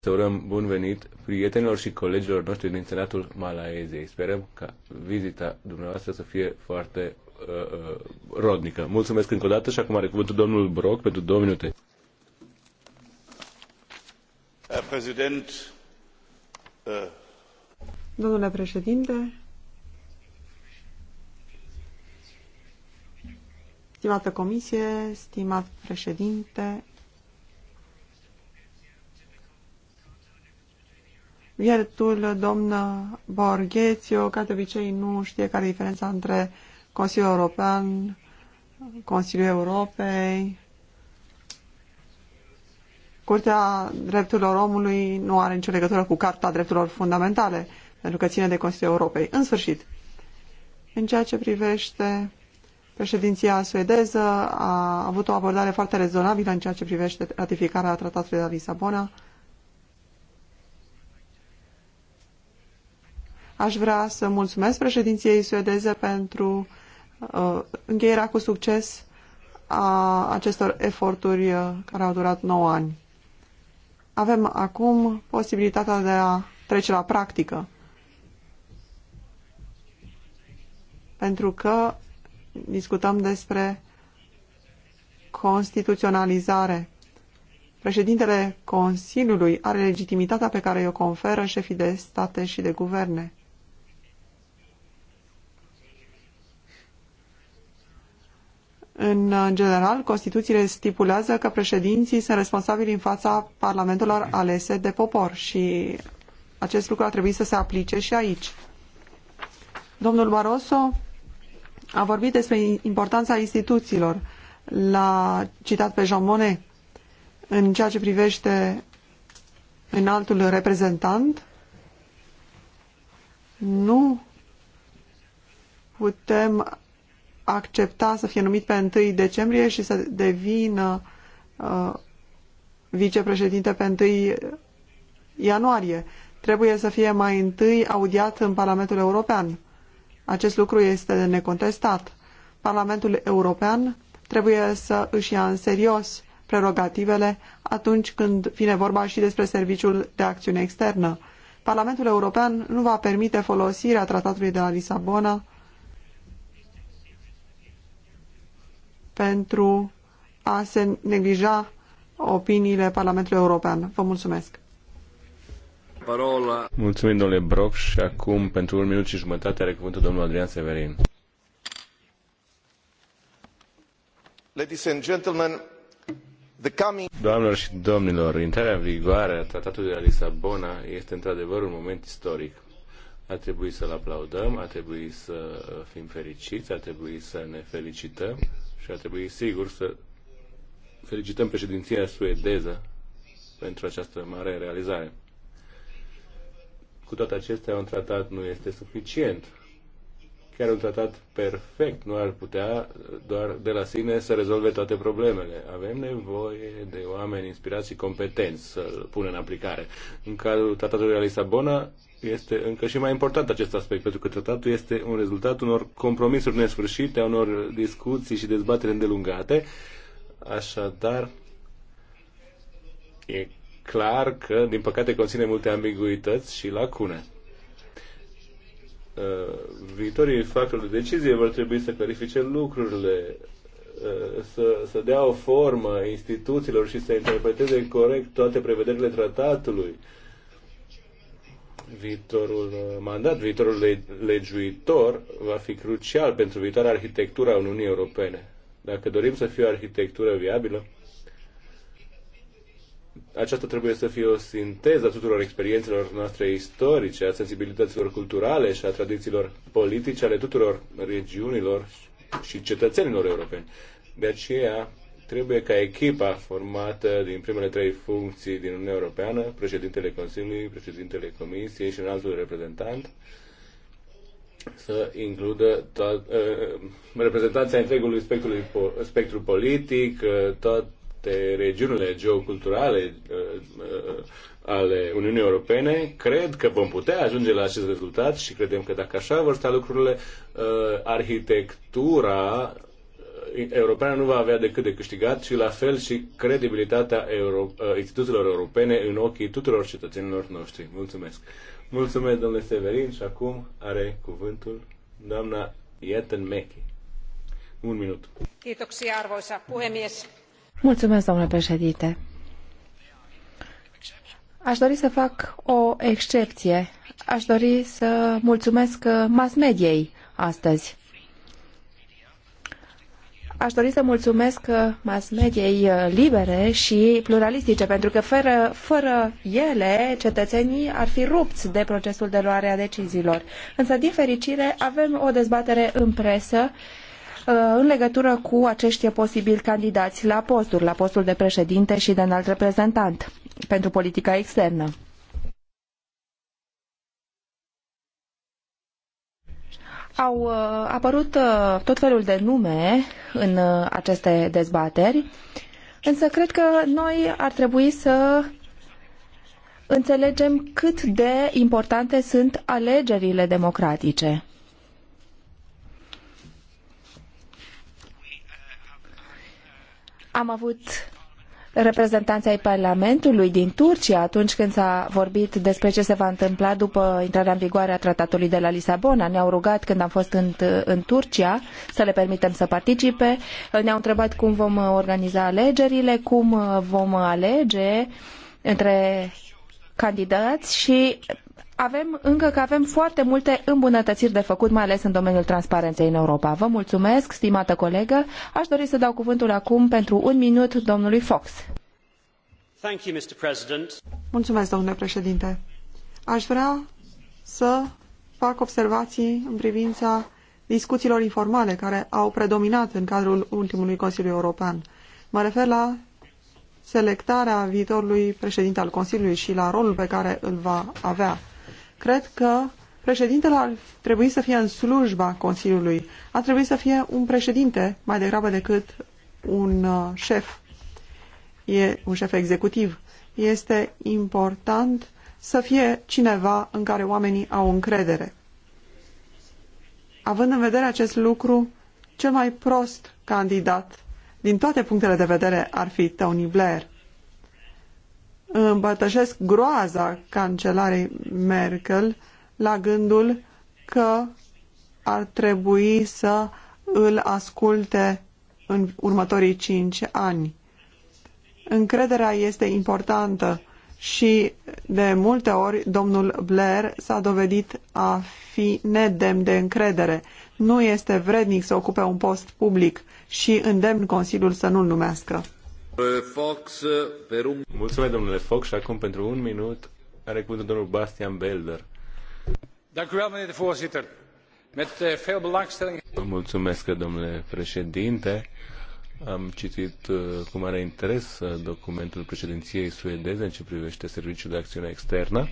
să urăm bun venit prietenilor și colegilor noștri din Senatul Malaeziei. Sperăm ca vizita dumneavoastră să fie foarte uh, uh rodnică. Mulțumesc încă o dată și acum are cuvântul domnul Brock pentru două minute. Prezident, uh... Domnule președinte, stimată comisie, stimat președinte, Viertul, domnă Borghețiu, ca de obicei nu știe care e diferența între Consiliul European, Consiliul Europei, Curtea Drepturilor Omului nu are nicio legătură cu Carta Drepturilor Fundamentale, pentru că ține de Consiliul Europei. În sfârșit, în ceea ce privește președinția suedeză, a avut o abordare foarte rezonabilă în ceea ce privește ratificarea Tratatului de la Lisabona, Aș vrea să mulțumesc președinției suedeze pentru uh, încheierea cu succes a acestor eforturi uh, care au durat 9 ani. Avem acum posibilitatea de a trece la practică. Pentru că discutăm despre constituționalizare. Președintele Consiliului are legitimitatea pe care o conferă șefii de state și de guverne. În general, Constituțiile stipulează că președinții sunt responsabili în fața parlamentelor alese de popor și acest lucru ar trebui să se aplice și aici. Domnul Barroso a vorbit despre importanța instituțiilor. L-a citat pe Jean Monnet în ceea ce privește înaltul reprezentant. Nu putem accepta să fie numit pe 1 decembrie și să devină uh, vicepreședinte pe 1 ianuarie. Trebuie să fie mai întâi audiat în Parlamentul European. Acest lucru este de necontestat. Parlamentul European trebuie să își ia în serios prerogativele atunci când vine vorba și despre Serviciul de Acțiune Externă. Parlamentul European nu va permite folosirea Tratatului de la Lisabona pentru a se neglija opiniile Parlamentului European. Vă mulțumesc! Parola. Mulțumim, domnule Broc, și acum, pentru un minut și jumătate, are cuvântul domnul Adrian Severin. Ladies and gentlemen, the coming... Doamnelor și domnilor, intrarea în vigoare a Tratatului de la Lisabona este într-adevăr un moment istoric A trebuit să-l aplaudăm, a trebuit să fim fericiți, a trebuit să ne felicităm și ar trebui sigur să felicităm președinția suedeză pentru această mare realizare. Cu toate acestea, un tratat nu este suficient. Chiar un tratat perfect nu ar putea doar de la sine să rezolve toate problemele. Avem nevoie de oameni inspirați și competenți să-l pună în aplicare. În cadrul tratatului de la Lisabona este încă și mai important acest aspect, pentru că tratatul este un rezultat unor compromisuri nesfârșite, a unor discuții și dezbatere îndelungate. Așadar, e clar că, din păcate, conține multe ambiguități și lacune. Uh, viitorii factori de decizie vor trebui să clarifice lucrurile, uh, să, să dea o formă instituțiilor și să interpreteze corect toate prevederile tratatului viitorul uh, mandat, viitorul legiuitor va fi crucial pentru viitoarea a Uniunii Europene. Dacă dorim să fie o arhitectură viabilă, aceasta trebuie să fie o sinteză a tuturor experiențelor noastre istorice, a sensibilităților culturale și a tradițiilor politice ale tuturor regiunilor și cetățenilor europeni. De aceea, Trebuie ca echipa formată din primele trei funcții din Uniunea Europeană, președintele Consiliului, președintele Comisiei și un altul reprezentant, să includă toat, ă, reprezentanța întregului spectru, spectru politic, ă, toate regiunile geoculturale ă, ale Uniunii Europene, cred că vom putea ajunge la acest rezultat și credem că dacă așa vor sta lucrurile, arhitectura europeană nu va avea decât de câștigat și la fel și credibilitatea euro, uh, instituțiilor europene în ochii tuturor cetățenilor noștri. Mulțumesc! Mulțumesc, domnule Severin, și acum are cuvântul doamna Ieten Mechi. Un minut. Kiitoksia, arvoisa puhemies. Mulțumesc, domnule președinte. Aș dori să fac o excepție. Aș dori să mulțumesc uh, mass mediei astăzi Aș dori să mulțumesc uh, mass mediei uh, libere și pluralistice, pentru că fără, fără ele, cetățenii ar fi rupți de procesul de luare a deciziilor. Însă, din fericire, avem o dezbatere în presă uh, în legătură cu acești posibili candidați la posturi, la postul de președinte și de înalt reprezentant pentru politica externă. Au apărut tot felul de nume în uh, aceste dezbateri, însă cred că noi ar trebui să înțelegem cât de importante sunt alegerile democratice. Am avut reprezentanții ai Parlamentului din Turcia atunci când s-a vorbit despre ce se va întâmpla după intrarea în vigoare a tratatului de la Lisabona. Ne-au rugat când am fost în, în Turcia să le permitem să participe. Ne-au întrebat cum vom organiza alegerile, cum vom alege între candidați și avem încă că avem foarte multe îmbunătățiri de făcut, mai ales în domeniul transparenței în Europa. Vă mulțumesc, stimată colegă. Aș dori să dau cuvântul acum pentru un minut domnului Fox. Mulțumesc, domnule președinte. Aș vrea să fac observații în privința discuțiilor informale care au predominat în cadrul ultimului Consiliu European. Mă refer la selectarea viitorului președinte al Consiliului și la rolul pe care îl va avea. Cred că președintele ar trebui să fie în slujba Consiliului. Ar trebui să fie un președinte mai degrabă decât un uh, șef. E un șef executiv. Este important să fie cineva în care oamenii au încredere. Având în vedere acest lucru, cel mai prost candidat din toate punctele de vedere ar fi Tony Blair împărtășesc groaza cancelarei Merkel la gândul că ar trebui să îl asculte în următorii cinci ani. Încrederea este importantă și de multe ori domnul Blair s-a dovedit a fi nedemn de încredere. Nu este vrednic să ocupe un post public și îndemn Consiliul să nu-l numească. Fox, per un... Mulțumesc, domnule Fox, și acum pentru un minut are cuvântul domnul Bastian Belder. Eh, mulțumesc, domnule președinte. Am citit eh, cu mare interes eh, documentul președinției suedeze în ce privește serviciul de acțiune externă.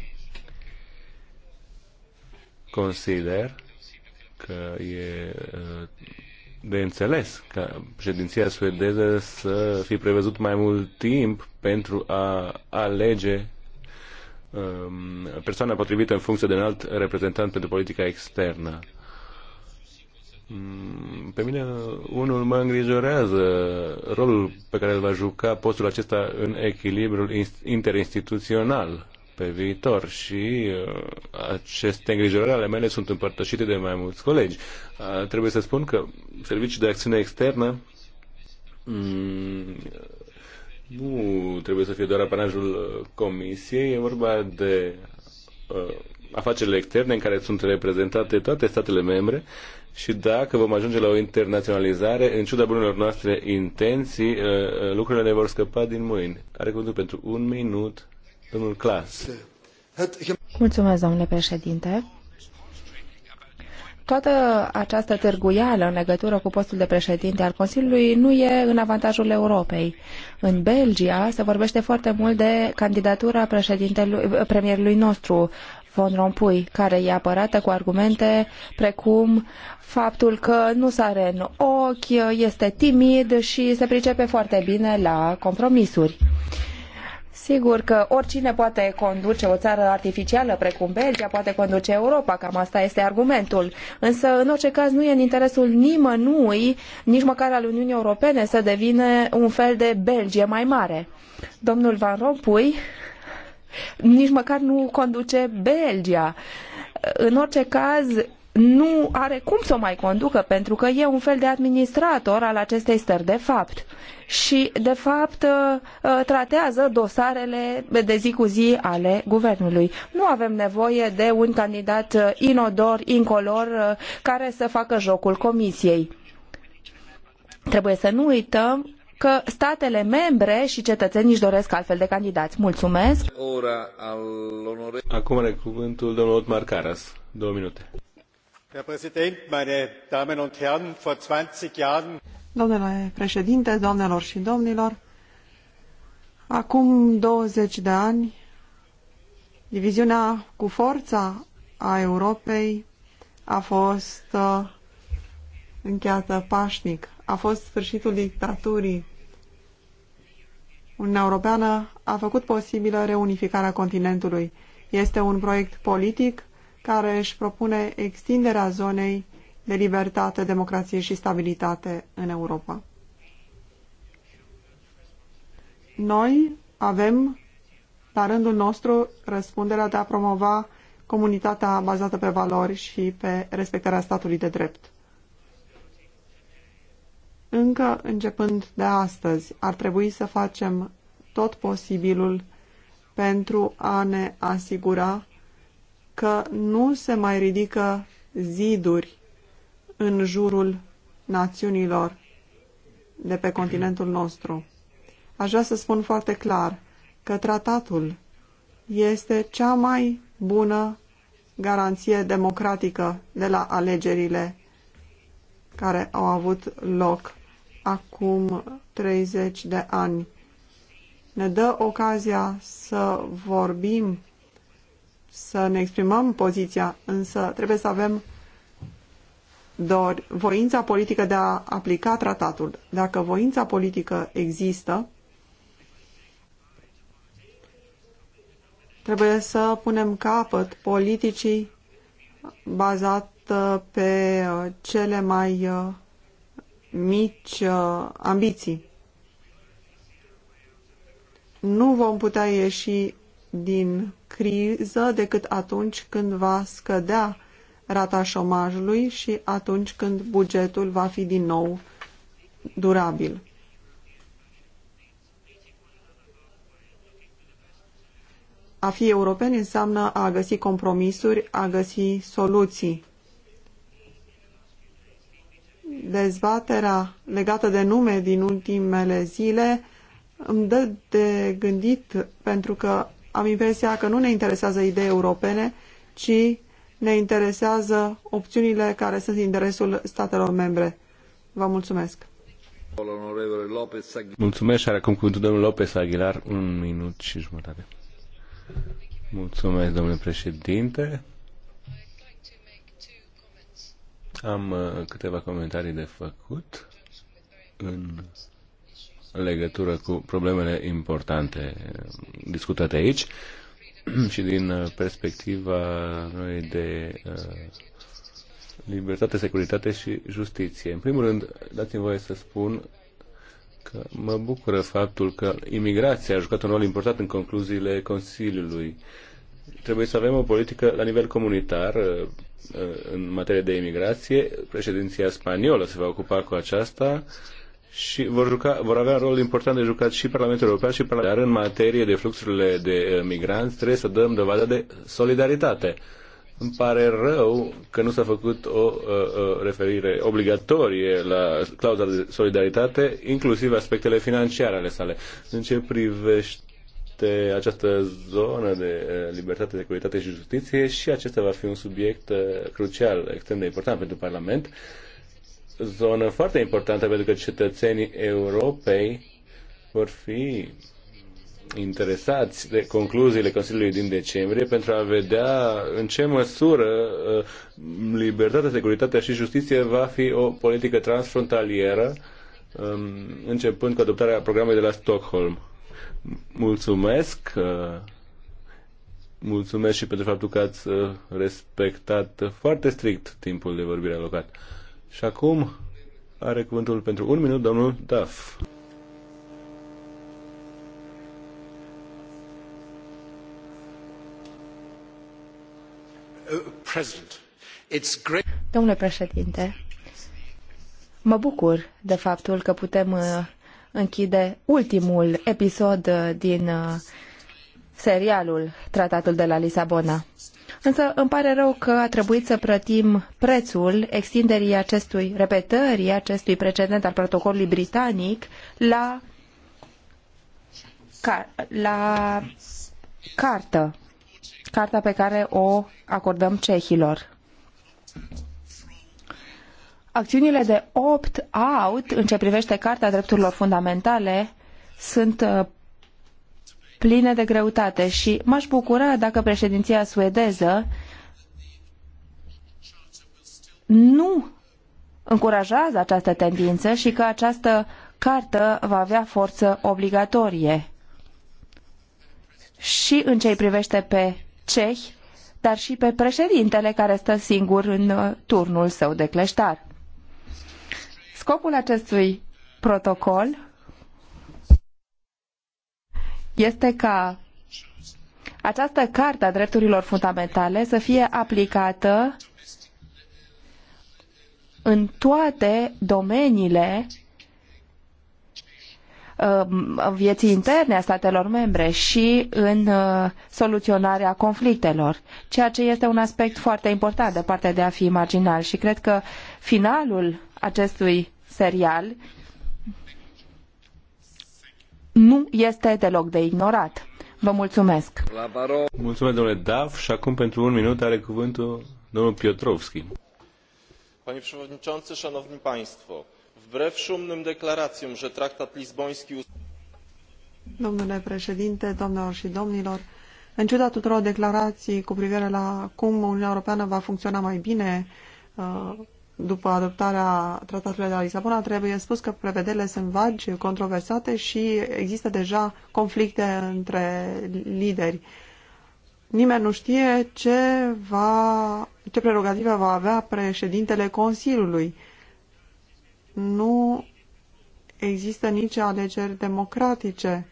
Consider că e de înțeles ca președinția suedeză să fi prevăzut mai mult timp pentru a alege um, persoana potrivită în funcție de un alt reprezentant pentru politica externă. Mm, pe mine unul mă îngrijorează rolul pe care îl va juca postul acesta în echilibrul interinstituțional pe viitor și uh, aceste îngrijorări ale mele sunt împărtășite de mai mulți colegi. Uh, trebuie să spun că serviciul de acțiune externă mm, nu trebuie să fie doar apanajul Comisiei, e vorba de uh, afacerile externe în care sunt reprezentate toate statele membre și dacă vom ajunge la o internaționalizare, în ciuda bunelor noastre intenții, lucrurile ne vor scăpa din mâini. Are cuvântul pentru un minut Mulțumesc, domnule președinte. Toată această târguială în legătură cu postul de președinte al Consiliului nu e în avantajul Europei. În Belgia se vorbește foarte mult de candidatura președintelui, premierului nostru, Von Rompuy, care e apărată cu argumente precum faptul că nu sare în ochi, este timid și se pricepe foarte bine la compromisuri. Uh, Sigur că oricine poate conduce o țară artificială precum Belgia, poate conduce Europa, cam asta este argumentul. Însă, în orice caz, nu e în interesul nimănui, nici măcar al Uniunii Europene, să devină un fel de Belgie mai mare. Domnul Van Rompuy nici măcar nu conduce Belgia. În orice caz, nu are cum să o mai conducă, pentru că e un fel de administrator al acestei stări de fapt. Și, de fapt, ă, ă, tratează dosarele de zi cu zi ale guvernului. Nu avem nevoie de un candidat ă, inodor, incolor, care să facă jocul comisiei. Trebuie să nu uităm că statele membre și cetățenii își doresc altfel de candidați. Mulțumesc! Acum are cuvântul domnul Otmar Caras. Două minute. Domnule președinte, doamnelor și domnilor, acum 20 de ani, diviziunea cu forța a Europei a fost uh, încheiată pașnic. A fost sfârșitul dictaturii. Uniunea Europeană a făcut posibilă reunificarea continentului. Este un proiect politic care își propune extinderea zonei de libertate, democrație și stabilitate în Europa. Noi avem, la rândul nostru, răspunderea de a promova comunitatea bazată pe valori și pe respectarea statului de drept. Încă începând de astăzi, ar trebui să facem tot posibilul pentru a ne asigura că nu se mai ridică ziduri în jurul națiunilor de pe continentul nostru. Aș vrea să spun foarte clar că tratatul este cea mai bună garanție democratică de la alegerile care au avut loc acum 30 de ani. Ne dă ocazia să vorbim să ne exprimăm poziția, însă trebuie să avem dor voința politică de a aplica tratatul. Dacă voința politică există, trebuie să punem capăt politicii bazată uh, pe uh, cele mai uh, mici ambiții. Nu vom putea ieși din criză decât atunci când va scădea rata șomajului și atunci când bugetul va fi din nou durabil. A fi european înseamnă a găsi compromisuri, a găsi soluții. Dezbaterea legată de nume din ultimele zile îmi dă de gândit pentru că am impresia că nu ne interesează idei europene, ci ne interesează opțiunile care sunt interesul statelor membre. Vă mulțumesc. Mulțumesc și are acum cuvântul domnul Lopez Aguilar, un minut și jumătate. Mulțumesc, domnule președinte. Am uh, câteva comentarii de făcut în legătură cu problemele importante discutate aici și din uh, perspectiva noi de uh, libertate, securitate și justiție. În primul rând, dați-mi voie să spun că mă bucură faptul că imigrația a jucat un rol important în concluziile Consiliului. Trebuie să avem o politică la nivel comunitar uh, în materie de imigrație. Președinția spaniolă se va ocupa cu aceasta și vor, juca, vor avea un rol important de jucat și Parlamentul European și Parlamentul. Dar în materie de fluxurile de uh, migranți trebuie să dăm dovadă de solidaritate. Îmi pare rău că nu s-a făcut o uh, uh, referire obligatorie la clauza de solidaritate, inclusiv aspectele financiare ale sale. În ce privește această zonă de uh, libertate, securitate și justiție și acesta va fi un subiect crucial, extrem de important pentru Parlament zonă foarte importantă pentru că cetățenii Europei vor fi interesați de concluziile Consiliului din decembrie pentru a vedea în ce măsură uh, libertatea, securitatea și justiție va fi o politică transfrontalieră um, începând cu adoptarea programului de la Stockholm. Mulțumesc! Uh, mulțumesc și pentru faptul că ați uh, respectat foarte strict timpul de vorbire alocat. Și acum are cuvântul pentru un minut domnul Duff. Domnule președinte, mă bucur de faptul că putem uh, închide ultimul episod uh, din uh, serialul Tratatul de la Lisabona. Însă îmi pare rău că a trebuit să plătim prețul extinderii acestui, repetării acestui precedent al protocolului britanic la, la cartă, carta pe care o acordăm cehilor. Acțiunile de opt-out în ce privește Carta Drepturilor Fundamentale sunt uh, pline de greutate și m-aș bucura dacă președinția suedeză nu încurajează această tendință și că această cartă va avea forță obligatorie și în ce îi privește pe cehi, dar și pe președintele care stă singur în uh, turnul său de cleștar. Scopul acestui protocol este ca această carte a drepturilor fundamentale să fie aplicată în toate domeniile uh, vieții interne a statelor membre și în uh, soluționarea conflictelor, ceea ce este un aspect foarte important de partea de a fi marginal și cred că finalul acestui serial nu este deloc de ignorat. Vă mulțumesc. Mulțumesc, domnule Daf. Și acum, pentru un minut, are cuvântul domnul Piotrowski. Panie Przewodniczący, Szanowni Państwo, wbrew szumnym deklaracjom, że traktat lizboński... Domnule președinte, domnilor și domnilor, în ciuda tuturor declarații cu privire la cum Uniunea Europeană va funcționa mai bine uh, după adoptarea tratatului de la Lisabona, trebuie spus că prevederile sunt vagi, controversate și există deja conflicte între lideri. Nimeni nu știe ce, va, ce prerogative va avea președintele Consiliului. Nu există nici alegeri democratice.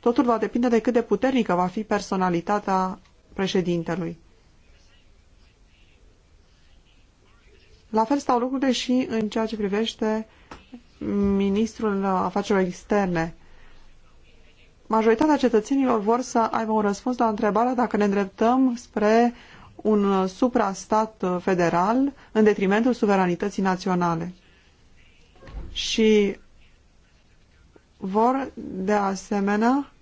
Totul va depinde de cât de puternică va fi personalitatea președintelui. La fel stau lucrurile și în ceea ce privește ministrul afacerilor externe. Majoritatea cetățenilor vor să aibă un răspuns la întrebarea dacă ne îndreptăm spre un suprastat federal în detrimentul suveranității naționale. Și vor, de asemenea,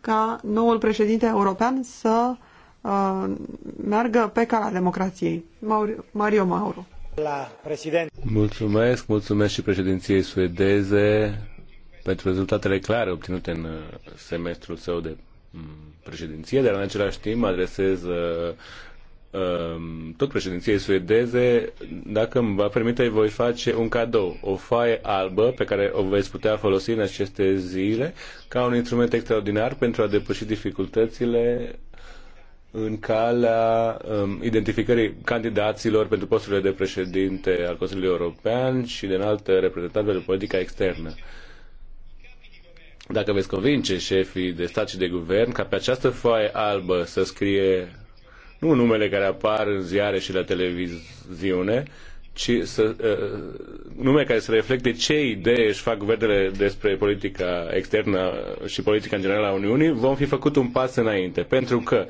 ca noul președinte european să Uh, meargă pe calea democrației. Mario Mauro. La președinte. Mulțumesc, mulțumesc și președinției suedeze pentru rezultatele clare obținute în uh, semestrul său de mm, președinție, dar în același timp adresez uh, um, tot președinției suedeze, dacă îmi va permite, voi face un cadou, o foaie albă pe care o veți putea folosi în aceste zile ca un instrument extraordinar pentru a depăși dificultățile în calea um, identificării candidaților pentru posturile de președinte al Consiliului European și de înaltă reprezentant pentru politica externă. Dacă veți convinge șefii de stat și de guvern ca pe această foaie albă să scrie nu numele care apar în ziare și la televiziune, ci să, uh, nume care să reflecte ce idei își fac guvernele despre politica externă și politica în general a Uniunii, vom fi făcut un pas înainte. Pentru că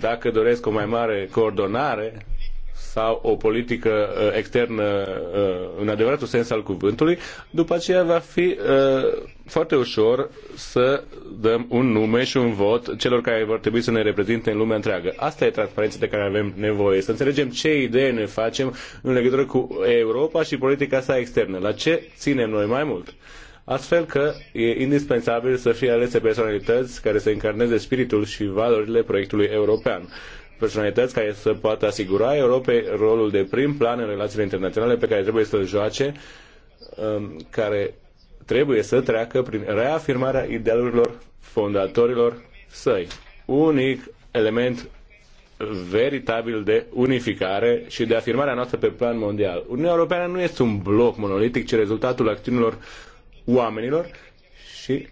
dacă doresc o mai mare coordonare sau o politică uh, externă uh, în adevăratul sens al cuvântului, după aceea va fi uh, foarte ușor să dăm un nume și un vot celor care vor trebui să ne reprezinte în lumea întreagă. Asta e transparența de care avem nevoie, să înțelegem ce idee ne facem în legătură cu Europa și politica sa externă, la ce ținem noi mai mult astfel că e indispensabil să fie alese personalități care să încarneze spiritul și valorile proiectului european personalități care să poată asigura Europei rolul de prim plan în relațiile internaționale pe care trebuie să-l joace, um, care trebuie să treacă prin reafirmarea idealurilor fondatorilor săi. Unic element veritabil de unificare și de afirmarea noastră pe plan mondial. Uniunea Europeană nu este un bloc monolitic, ci rezultatul acțiunilor oamenilor și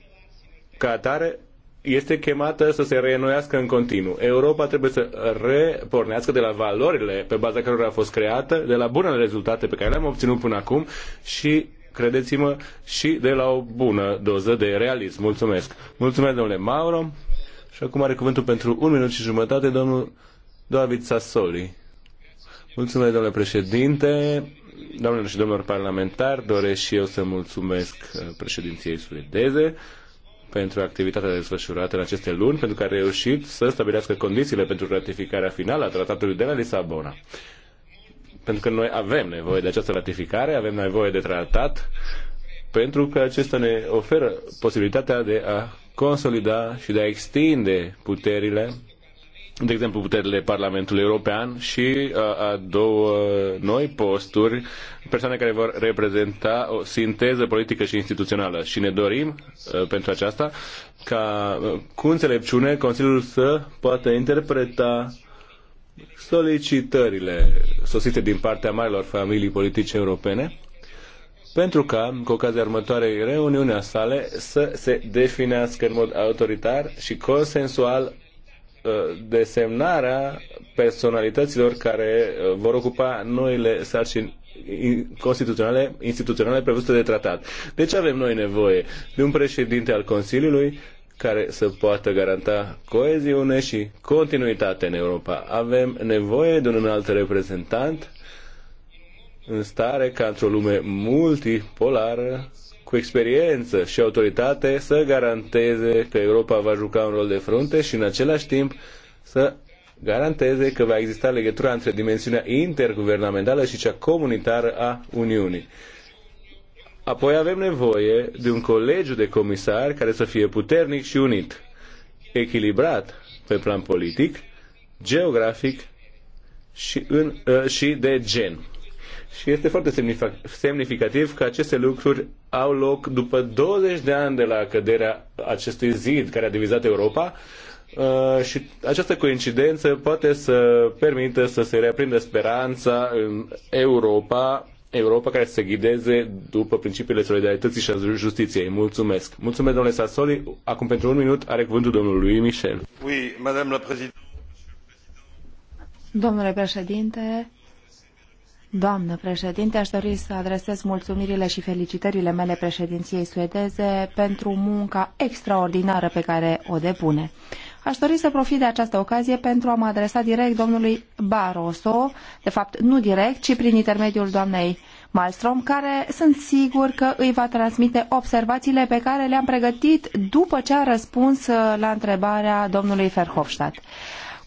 ca atare este chemată să se reînnoiască în continuu. Europa trebuie să repornească de la valorile pe baza cărora a fost creată, de la bunele rezultate pe care le-am obținut până acum și credeți-mă, și de la o bună doză de realism. Mulțumesc. Mulțumesc, domnule Mauro. Și acum are cuvântul pentru un minut și jumătate domnul David Sassoli. Mulțumesc, domnule președinte. Doamnelor și domnilor parlamentari, doresc și eu să mulțumesc uh, președinției suedeze pentru activitatea desfășurată în aceste luni, pentru că a reușit să stabilească condițiile pentru ratificarea finală a tratatului de la Lisabona. Pentru că noi avem nevoie de această ratificare, avem nevoie de tratat, pentru că acesta ne oferă posibilitatea de a consolida și de a extinde puterile de exemplu, puterile Parlamentului European și a, uh, a două uh, noi posturi, persoane care vor reprezenta o sinteză politică și instituțională. Și ne dorim a, uh, pentru aceasta ca cu înțelepciune Consiliul să poată interpreta solicitările sosite din partea marilor familii politice europene pentru ca, cu ocazia următoarei reuniunea sale, să se definească în mod autoritar și consensual Uh, desemnarea personalităților care uh, vor ocupa noile sarcini constituționale, instituționale prevăzute de tratat. Deci avem noi nevoie de un președinte al Consiliului care să poată garanta coeziune și continuitate în Europa. Avem nevoie de un înalt reprezentant în stare ca într-o lume multipolară cu experiență și autoritate să garanteze că Europa va juca un rol de frunte și în același timp să garanteze că va exista legătura între dimensiunea interguvernamentală și cea comunitară a Uniunii. Apoi avem nevoie de un colegiu de comisari care să fie puternic și unit, echilibrat pe plan politic, geografic și, în, uh, și de gen. Și este foarte semnificativ că aceste lucruri au loc după 20 de ani de la căderea acestui zid care a divizat Europa uh, și această coincidență poate să permită să se reaprindă speranța în Europa, Europa care se ghideze după principiile solidarității și a justiției. Mulțumesc. Mulțumesc, domnule Sassoli. Acum, pentru un minut, are cuvântul domnului Michel. Oui, madame la Domnule președinte, Doamnă președinte, aș dori să adresez mulțumirile și felicitările mele președinției suedeze pentru munca extraordinară pe care o depune. Aș dori să profit de această ocazie pentru a mă adresa direct domnului Barroso, de fapt nu direct, ci prin intermediul doamnei Malmström, care sunt sigur că îi va transmite observațiile pe care le-am pregătit după ce a răspuns la întrebarea domnului Verhofstadt.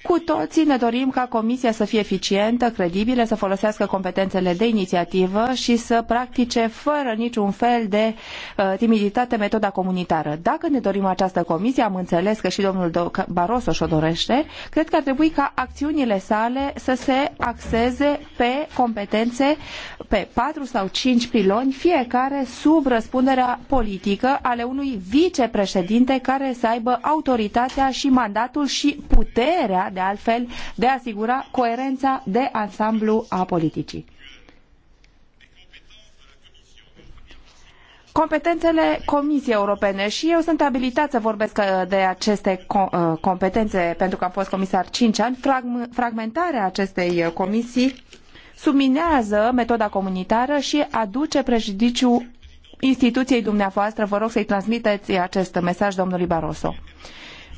Cu toții ne dorim ca Comisia să fie eficientă, credibilă, să folosească competențele de inițiativă și să practice fără niciun fel de uh, timiditate metoda comunitară. Dacă ne dorim această comisie, am înțeles că și domnul Barroso și-o dorește, cred că ar trebui ca acțiunile sale să se axeze pe competențe pe patru sau cinci piloni, fiecare sub răspunderea politică ale unui vicepreședinte care să aibă autoritatea și mandatul și puterea de altfel, de a asigura coerența de ansamblu a politicii. competențele Comisiei Europene și eu sunt abilitat să vorbesc uh, de aceste uh, competențe pentru că am fost comisar cinci ani. Fragmentarea acestei uh, comisii subminează metoda comunitară și aduce prejudiciu instituției dumneavoastră. Vă rog să-i transmiteți acest mesaj domnului Barroso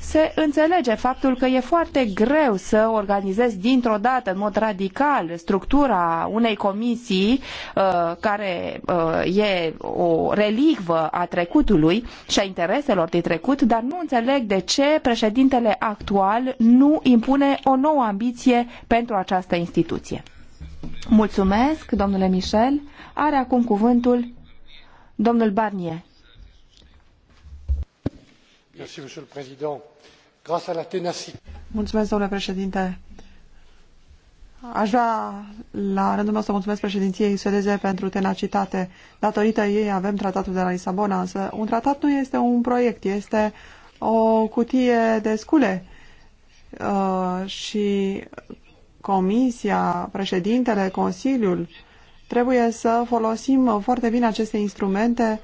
se înțelege faptul că e foarte greu să organizezi dintr-o dată, în mod radical, structura unei comisii uh, care uh, e o relicvă a trecutului și a intereselor din trecut, dar nu înțeleg de ce președintele actual nu impune o nouă ambiție pentru această instituție. Mulțumesc, domnule Michel. Are acum cuvântul domnul Barnier Mulțumesc, domnule Aș vrea la rândul meu să mulțumesc președinției suedeze pentru tenacitate. Datorită ei avem tratatul de la Lisabona, însă un tratat nu este un proiect, este o cutie de scule. Uh, și Comisia, președintele, Consiliul, trebuie să folosim foarte bine aceste instrumente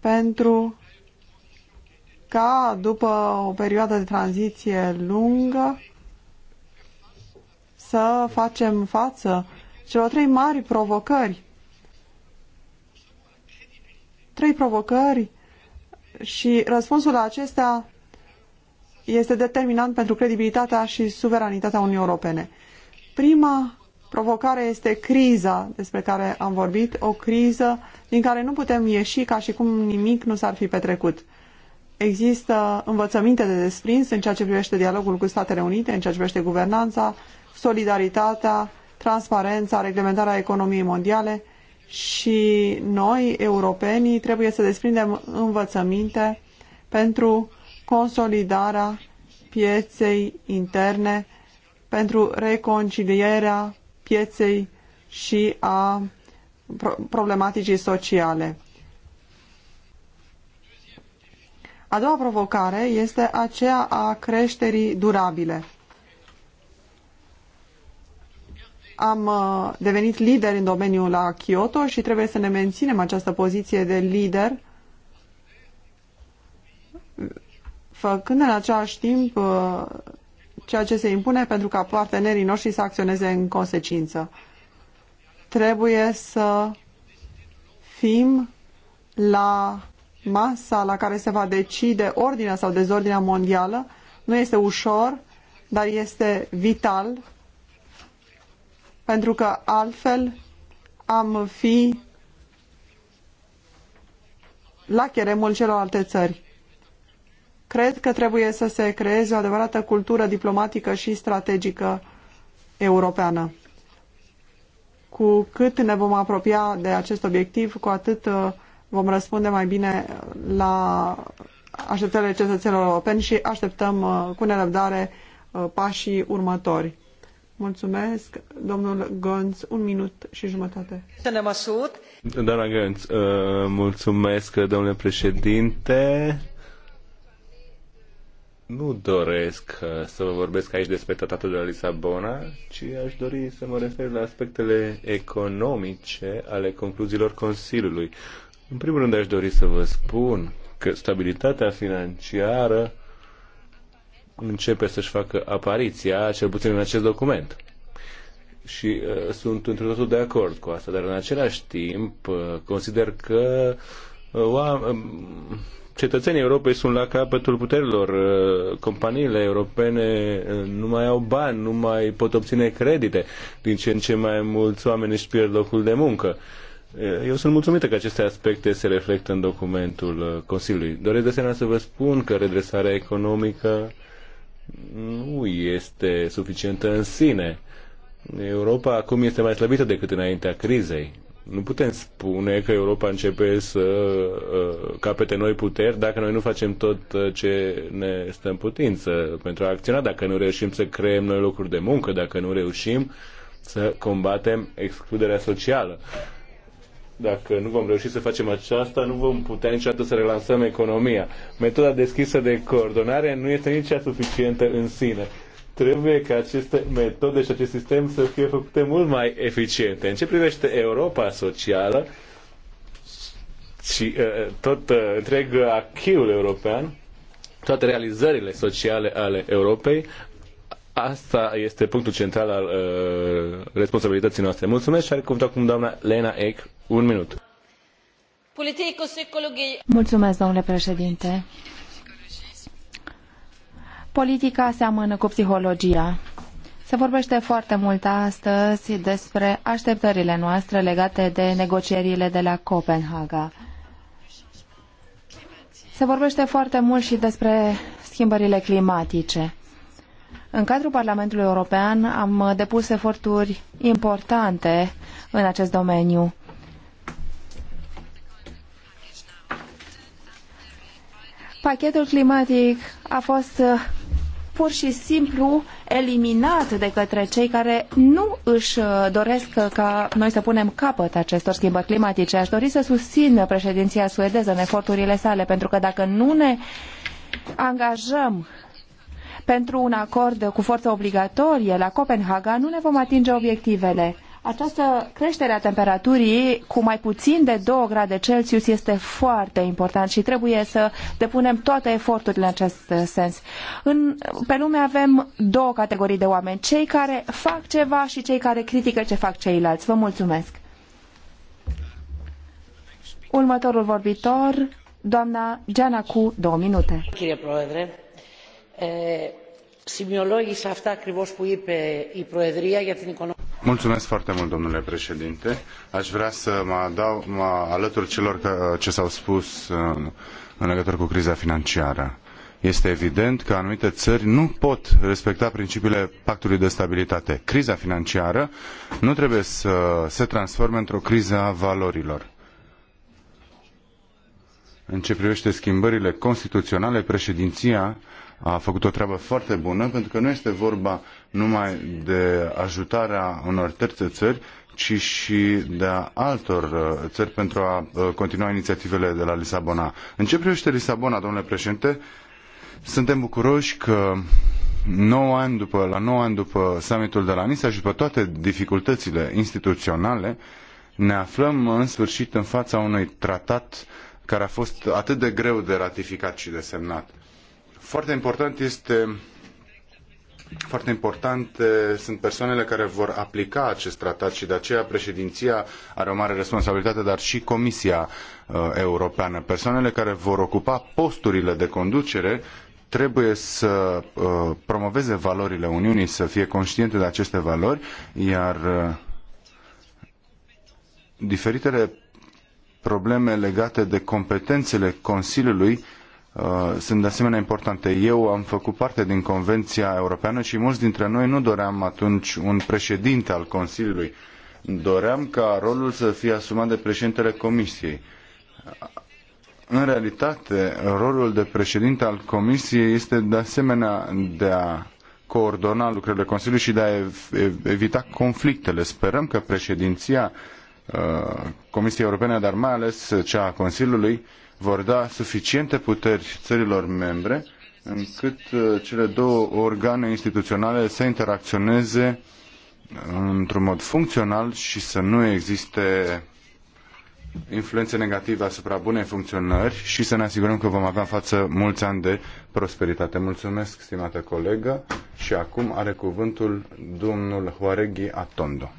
pentru ca, după o perioadă de tranziție lungă, să facem față celor trei mari provocări. Trei provocări și răspunsul la acestea este determinant pentru credibilitatea și suveranitatea Uniunii Europene. Prima provocare este criza despre care am vorbit, o criză din care nu putem ieși ca și cum nimic nu s-ar fi petrecut. Există învățăminte de desprins în ceea ce privește dialogul cu Statele Unite, în ceea ce privește guvernanța, solidaritatea, transparența, reglementarea economiei mondiale și noi, europenii, trebuie să desprindem învățăminte pentru consolidarea pieței interne, pentru reconcilierea pieței și a problematicii sociale. A doua provocare este aceea a creșterii durabile. Am uh, devenit lideri în domeniul la Kyoto și trebuie să ne menținem această poziție de lider făcând în același timp uh, ceea ce se impune pentru ca partenerii noștri să acționeze în consecință. Trebuie să fim la masa la care se va decide ordinea sau dezordinea mondială nu este ușor, dar este vital, pentru că altfel am fi la cheremul celorlalte țări. Cred că trebuie să se creeze o adevărată cultură diplomatică și strategică europeană. Cu cât ne vom apropia de acest obiectiv, cu atât uh, vom răspunde mai bine la așteptările cetățenilor europeni și așteptăm uh, cu nerăbdare uh, pașii următori. Mulțumesc, domnul Gonț, un minut și jumătate. Să Doamna Gönz, uh, mulțumesc, domnule președinte. Nu doresc să vă vorbesc aici despre tratatul de la Lisabona, ci aș dori să mă refer la aspectele economice ale concluziilor Consiliului. În primul rând aș dori să vă spun că stabilitatea financiară începe să-și facă apariția, cel puțin în acest document. Și uh, sunt într totul de acord cu asta, dar în același timp uh, consider că uh, uh cetățenii Europei sunt la capătul puterilor, uh, companiile europene uh, nu mai au bani, nu mai pot obține credite, din ce în ce mai mulți oameni își pierd locul de muncă. Uh, eu sunt mulțumită că aceste aspecte se reflectă în documentul uh, Consiliului. Doresc de asemenea să vă spun că redresarea economică nu este suficientă în sine. Europa acum este mai slăbită decât înaintea crizei. Nu putem spune că Europa începe să uh, capete noi puteri dacă noi nu facem tot uh, ce ne stă în putință pentru a acționa, dacă nu reușim să creăm noi locuri de muncă, dacă nu reușim să combatem excluderea socială. Dacă nu vom reuși să facem aceasta, nu vom putea niciodată să relansăm economia. Metoda deschisă de coordonare nu este nici suficientă în sine. Trebuie ca aceste metode și acest sistem să fie făcute mult mai eficiente. În ce privește Europa socială și uh, tot uh, întreg achiul european, toate realizările sociale ale Europei, Asta este punctul central al uh, responsabilității noastre. Mulțumesc și are cuvântul acum doamna Lena Eck un minut. Mulțumesc, domnule președinte. Politica seamănă cu psihologia. Se vorbește foarte mult astăzi despre așteptările noastre legate de negocierile de la Copenhaga. Se vorbește foarte mult și despre schimbările climatice. În cadrul Parlamentului European am depus eforturi importante în acest domeniu Pachetul climatic a fost uh, pur și simplu eliminat de către cei care nu își uh, doresc uh, ca noi să punem capăt acestor schimbări climatice. Aș dori să susțin președinția suedeză în eforturile sale, pentru că dacă nu ne angajăm pentru un acord cu forță obligatorie la Copenhaga, nu ne vom atinge obiectivele. Această creștere a temperaturii cu mai puțin de 2 grade Celsius este foarte important și trebuie să depunem toate eforturile în acest sens. În, pe lume avem două categorii de oameni, cei care fac ceva și cei care critică ce fac ceilalți. Vă mulțumesc! Următorul vorbitor, doamna Geana cu două minute. simiologii s-au Σημειολόγησα αυτά ακριβώς που pe i-proedria, iar din economie... Mulțumesc foarte mult, domnule președinte. Aș vrea să mă, adau, mă alătur celor că, ce s-au spus în, legătură cu criza financiară. Este evident că anumite țări nu pot respecta principiile pactului de stabilitate. Criza financiară nu trebuie să se transforme într-o criză a valorilor. În ce privește schimbările constituționale, președinția a făcut o treabă foarte bună, pentru că nu este vorba numai de ajutarea unor terțe țări, ci și de altor uh, țări pentru a uh, continua inițiativele de la Lisabona. În ce privește Lisabona, domnule președinte, suntem bucuroși că 9 ani după, la 9 ani după summitul de la Nisa și după toate dificultățile instituționale, ne aflăm în sfârșit în fața unui tratat care a fost atât de greu de ratificat și de semnat. Foarte important este foarte importante sunt persoanele care vor aplica acest tratat și de aceea președinția are o mare responsabilitate, dar și Comisia uh, Europeană. Persoanele care vor ocupa posturile de conducere trebuie să uh, promoveze valorile Uniunii, să fie conștiente de aceste valori, iar uh, diferitele probleme legate de competențele Consiliului Uh, sunt de asemenea importante. Eu am făcut parte din Convenția Europeană și mulți dintre noi nu doream atunci un președinte al Consiliului. Doream ca rolul să fie asumat de președintele Comisiei. În realitate, rolul de președinte al Comisiei este de asemenea de a coordona lucrările Consiliului și de a evita conflictele. Sperăm că președinția uh, Comisiei Europene, dar mai ales cea a Consiliului, vor da suficiente puteri țărilor membre încât uh, cele două organe instituționale să interacționeze într-un mod funcțional și să nu existe influențe negative asupra bunei funcționări și să ne asigurăm că vom avea în față mulți ani de prosperitate. Mulțumesc, stimată colegă, și acum are cuvântul domnul Huareghi Atondo.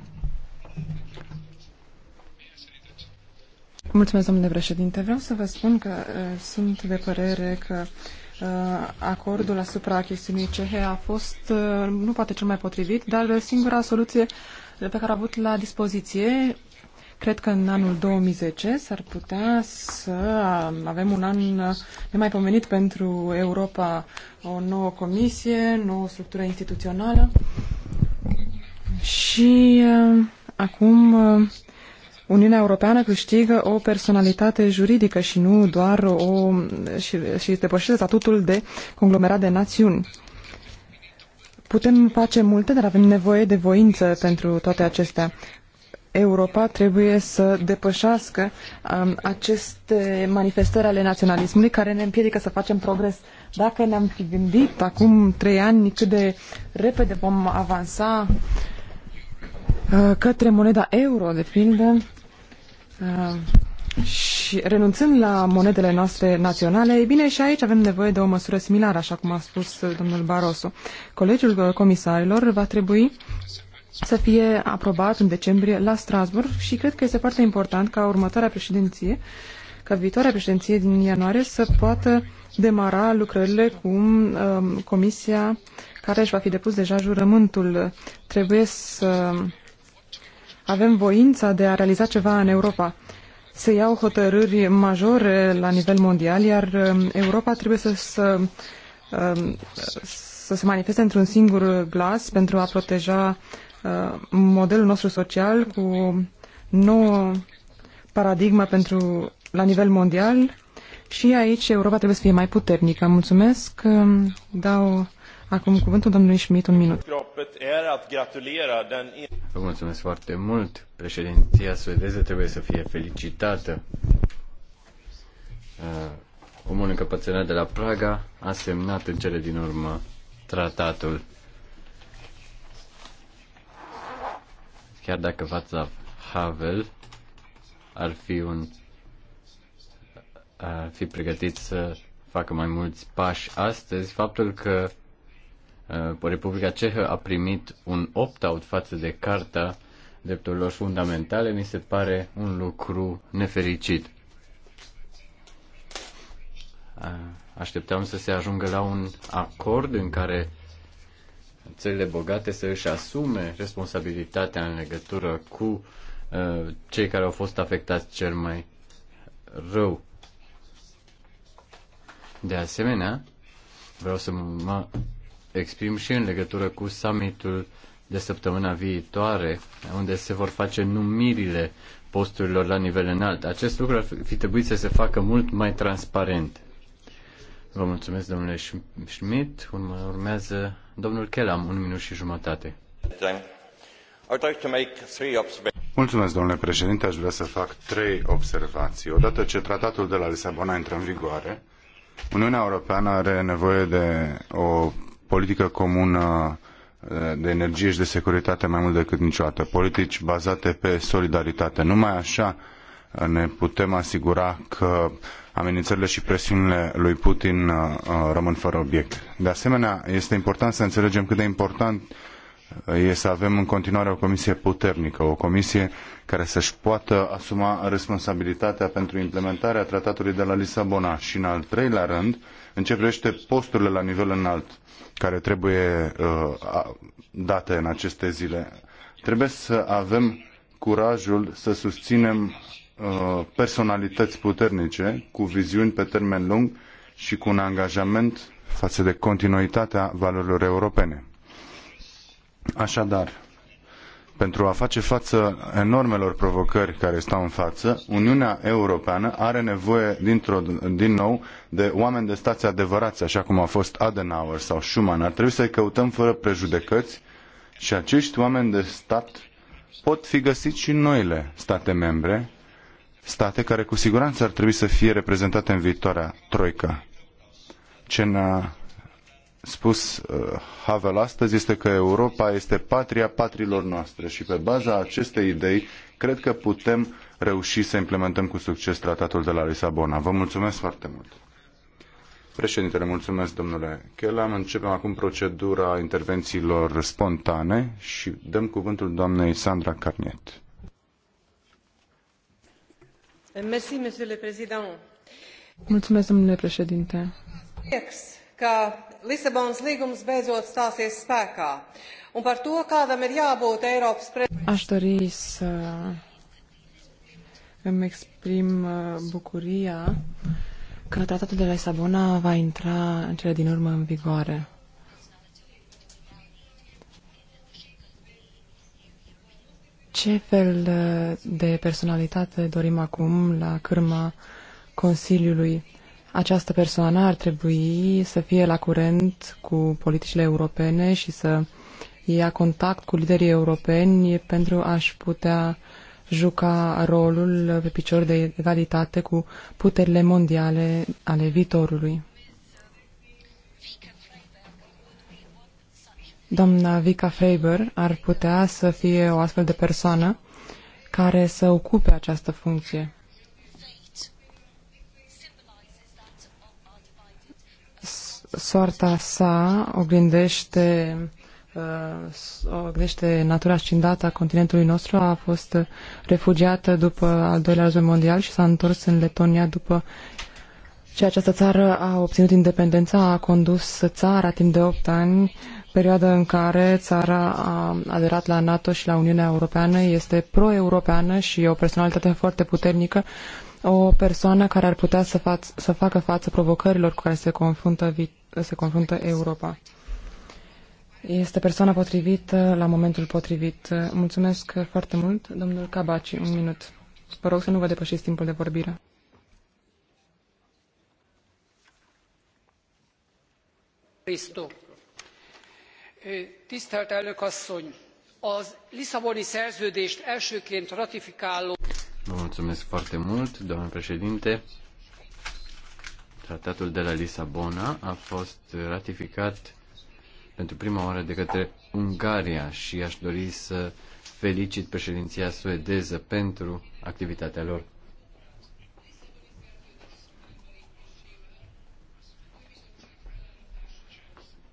Mulțumesc, domnule președinte. Vreau să vă spun că uh, sunt de părere că uh, acordul asupra chestiunii cehe a fost, uh, nu poate cel mai potrivit, dar uh, singura soluție pe care a avut la dispoziție, cred că în anul 2010 s-ar putea să avem un an uh, nemaipomenit pentru Europa, o nouă comisie, nouă structură instituțională și uh, acum Uniunea Europeană câștigă o personalitate juridică și nu doar o... și, și depășește statutul de conglomerat de națiuni. Putem face multe, dar avem nevoie de voință pentru toate acestea. Europa trebuie să depășească um, aceste manifestări ale naționalismului care ne împiedică să facem progres. Dacă ne-am fi gândit acum trei ani cât de repede vom avansa Uh, către moneda euro, de pildă, uh, și renunțând la monedele noastre naționale, e bine, și aici avem nevoie de o măsură similară, așa cum a spus domnul Barroso. Colegiul comisarilor va trebui să fie aprobat în decembrie la Strasbourg și cred că este foarte important ca următoarea președinție, ca viitoarea președinție din ianuarie să poată demara lucrările cu um, comisia care își va fi depus deja jurământul. Trebuie să avem voința de a realiza ceva în Europa. Se iau hotărâri majore la nivel mondial, iar um, Europa trebuie să, să, um, să se manifeste într-un singur glas pentru a proteja uh, modelul nostru social cu nouă paradigmă pentru, la nivel mondial și aici Europa trebuie să fie mai puternică. Mulțumesc. Um, dau acum cuvântul domnului Schmidt un minut. Vă mulțumesc foarte mult. Președinția suedeză trebuie să fie felicitată. Uh, omul încăpățânat de la Praga a semnat în cele din urmă tratatul. Chiar dacă fața Havel ar fi un ar fi pregătit să facă mai mulți pași astăzi, faptul că Uh, Republica Cehă a primit un opt-out față de Carta Drepturilor Fundamentale, mi se pare un lucru nefericit. Uh, așteptam să se ajungă la un acord în care țările bogate să își asume responsabilitatea în legătură cu uh, cei care au fost afectați cel mai rău. De asemenea, vreau să mă exprim și în legătură cu summitul de săptămâna viitoare, unde se vor face numirile posturilor la nivel înalt. Acest lucru ar fi trebuit să se facă mult mai transparent. Vă mulțumesc, domnule Schmidt. Urmează domnul Kelam, un minut și jumătate. Mulțumesc, domnule președinte. Aș vrea să fac trei observații. Odată ce tratatul de la Lisabona intră în vigoare, Uniunea Europeană are nevoie de o politică comună eh, de energie și de securitate mai mult decât niciodată. Politici bazate pe solidaritate. Numai așa eh, ne putem asigura că amenințările și presiunile lui Putin eh, rămân fără obiect. De asemenea, este important să înțelegem cât de important e să avem în continuare o comisie puternică, o comisie care să-și poată asuma responsabilitatea pentru implementarea tratatului de la Lisabona și, în al treilea rând, în ce privește posturile la nivel înalt care trebuie uh, date în aceste zile. Trebuie să avem curajul să susținem uh, personalități puternice cu viziuni pe termen lung și cu un angajament față de continuitatea valorilor europene. Așadar, pentru a face față enormelor provocări care stau în față, Uniunea Europeană are nevoie din nou de oameni de stat adevărați, așa cum a fost Adenauer sau Schuman. Ar trebui să-i căutăm fără prejudecăți și acești oameni de stat pot fi găsiți și în noile state membre, state care cu siguranță ar trebui să fie reprezentate în viitoarea troică. Ce ne-a spus uh, Havel astăzi este că Europa este patria patrilor noastre și pe baza acestei idei cred că putem reuși să implementăm cu succes tratatul de la Lisabona. Vă mulțumesc foarte mult. Președintele, mulțumesc domnule Chelam. Începem acum procedura intervențiilor spontane și dăm cuvântul doamnei Sandra Carniet. Mulțumesc, domnule președinte. Ca Lisabonas līgums beidzot stāsies spēkā. Un par to, kādam ir jābūt Eiropas Aș uh, Ce fel de personalitate dorim acum la cârma Consiliului această persoană ar trebui să fie la curent cu politicile europene și să ia contact cu liderii europeni pentru a-și putea juca rolul pe picior de egalitate cu puterile mondiale ale viitorului. Doamna Vika Faber ar putea să fie o astfel de persoană care să ocupe această funcție. soarta sa oglindește uh, oglindește natura scindată a continentului nostru, a fost refugiată după al doilea război mondial și s-a întors în Letonia după ce această țară a obținut independența, a condus țara timp de 8 ani, perioadă în care țara a aderat la NATO și la Uniunea Europeană, este pro-europeană și o personalitate foarte puternică, o persoană care ar putea să, fa- să facă față provocărilor cu care se confruntă vi- se confruntă Europa. Este persoana potrivită la momentul potrivit. Mulțumesc foarte mult, domnul Cabaci, un minut. Vă rog să nu vă depășiți timpul de vorbire. Tisztelt elnök asszony! Az Lisszaboni szerződést elsőként ratifikáló... Mulțumesc foarte mult, doamnă președinte. Tratatul de la Lisabona a fost ratificat pentru prima oară de către Ungaria și aș dori să felicit președinția suedeză pentru activitatea lor.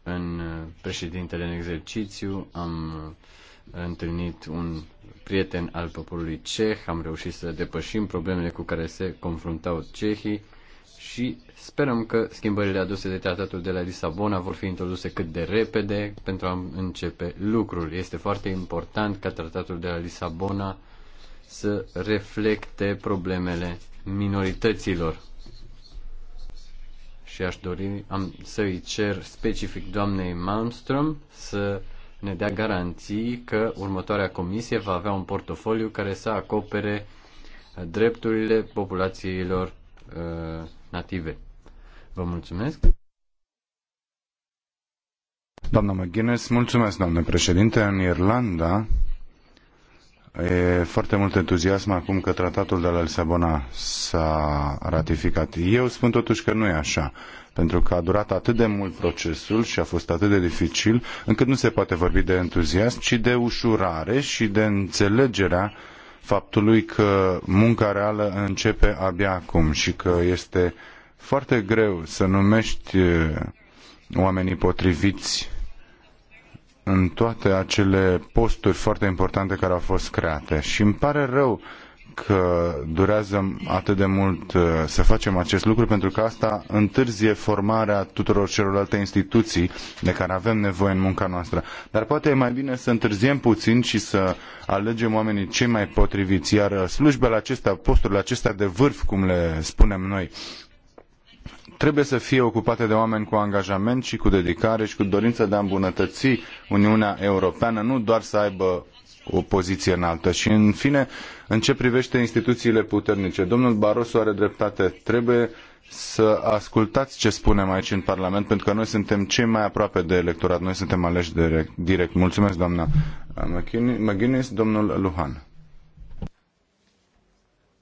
În președintele în exercițiu am întâlnit un prieten al poporului ceh, am reușit să depășim problemele cu care se confruntau cehii și sperăm că schimbările aduse de tratatul de la Lisabona vor fi introduse cât de repede pentru a începe lucrul. Este foarte important ca tratatul de la Lisabona să reflecte problemele minorităților. Și aș dori am, să-i cer specific doamnei Malmström să ne dea garanții că următoarea comisie va avea un portofoliu care să acopere drepturile populațiilor Uh, native. Vă mulțumesc. Doamna McGuinness, mulțumesc, doamne președinte. În Irlanda e foarte mult entuziasm acum că tratatul de la Lisabona s-a ratificat. Eu spun totuși că nu e așa, pentru că a durat atât de mult procesul și a fost atât de dificil, încât nu se poate vorbi de entuziasm, ci de ușurare și de înțelegerea uh, faptului că munca reală începe abia acum și că este foarte greu să numești oamenii potriviți în toate acele posturi foarte importante care au fost create. Și îmi pare rău că durează atât de mult uh, să facem acest lucru, pentru că asta întârzie formarea tuturor celorlalte instituții de care avem nevoie în munca noastră. Dar poate e mai bine să întârziem puțin și să alegem oamenii cei mai potriviți, iar slujbele acestea, posturile acestea de vârf, cum le spunem noi, trebuie să fie ocupate de oameni cu angajament și cu dedicare și cu dorință de a îmbunătăți Uniunea Europeană, nu doar să aibă o poziție înaltă. Și în fine, în ce privește instituțiile puternice, domnul Barroso are dreptate. Trebuie să ascultați ce spunem aici în Parlament, pentru că noi suntem cei mai aproape de electorat, noi suntem aleși direct. direct. Mulțumesc, doamna McGuinness, domnul Luhan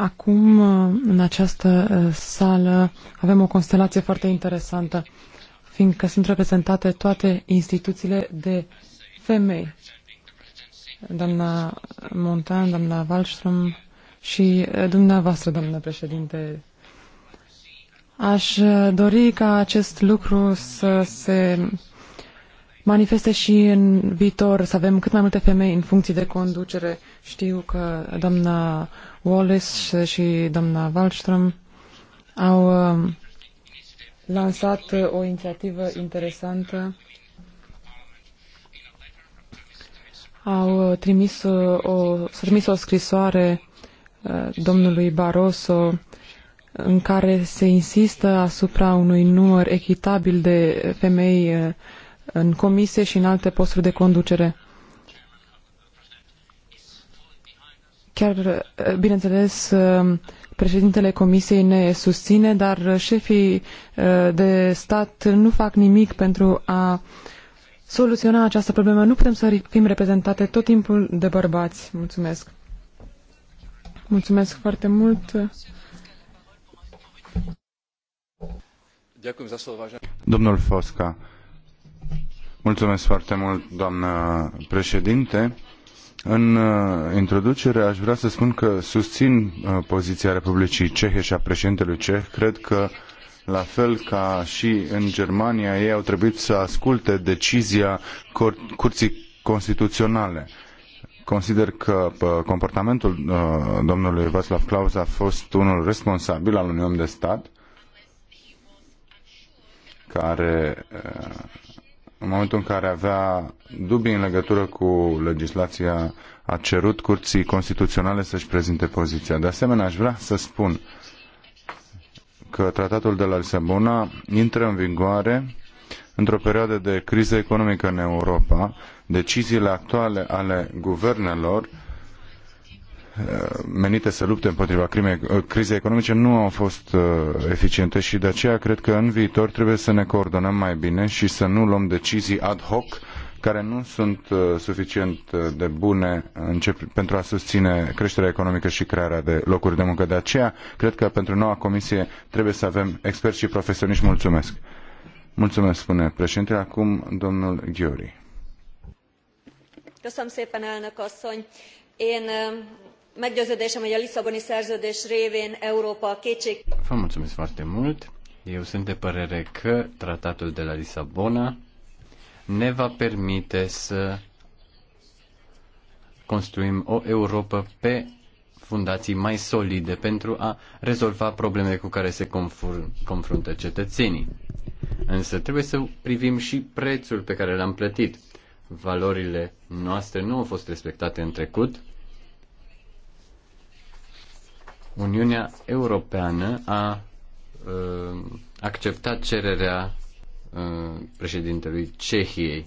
Acum, în această uh, sală, avem o constelație foarte interesantă, fiindcă sunt reprezentate toate instituțiile de femei. Doamna Montan, doamna Wallström și uh, dumneavoastră, doamna președinte. Aș uh, dori ca acest lucru să se manifeste și în viitor, să avem cât mai multe femei în funcții de conducere știu că doamna Wallace și doamna Wallström au um, lansat o inițiativă interesantă. Au trimis uh, o, trimis o scrisoare uh, domnului Barroso în care se insistă asupra unui număr echitabil de femei uh, în comisie și în alte posturi de conducere. Chiar, eh, bineînțeles, eh, președintele Comisiei ne susține, dar șefii eh, de stat nu fac nimic pentru a soluționa această problemă. Nu putem să fim reprezentate tot timpul de bărbați. Mulțumesc. Mulțumesc foarte mult. Domnul Fosca, mulțumesc foarte mult, doamnă președinte. În uh, introducere aș vrea să spun că susțin uh, poziția Republicii Cehe și a președintelui Ceh. Cred că la fel ca și în Germania, ei au trebuit să asculte decizia cur- Curții Constituționale. Consider că uh, comportamentul domnului Václav Klaus a fost unul responsabil al unui om de stat care în momentul în care avea dubii în legătură cu legislația, a cerut curții constituționale să-și prezinte poziția. De asemenea, aș vrea să spun că tratatul de la Lisabona intră în vigoare într-o perioadă de criză economică în Europa. Deciziile actuale ale guvernelor menite să lupte împotriva uh, crizei economice nu au fost uh, eficiente și de aceea cred că în viitor trebuie să ne coordonăm mai bine și să nu luăm decizii ad hoc care nu sunt uh, suficient de bune pentru a susține creșterea economică și crearea de locuri de muncă. De aceea, cred că pentru noua comisie trebuie să avem experți și profesioniști. Mulțumesc! Mulțumesc, spune președintele. Acum, domnul Ghiori. Köszönöm szépen, Én meggyőződésem, hogy a Lisszaboni szerződés révén Európa kétség... Vă mulțumesc foarte mult. Eu sunt de părere că tratatul de la Lisabona ne va permite să construim o Europa pe fundații mai solide pentru a rezolva problemele cu care se confruntă cetățenii. Însă trebuie să privim și prețul pe care l-am plătit. Valorile noastre nu au fost respectate în trecut Uniunea Europeană a uh, acceptat cererea uh, președintelui Cehiei.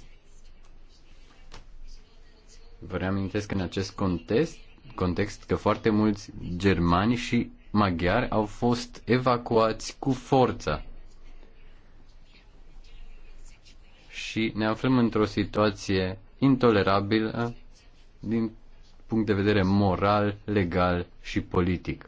Vă reamintesc în acest context, context că foarte mulți germani și maghiari au fost evacuați cu forța. Și ne aflăm într-o situație intolerabilă din punct de vedere moral, legal și politic.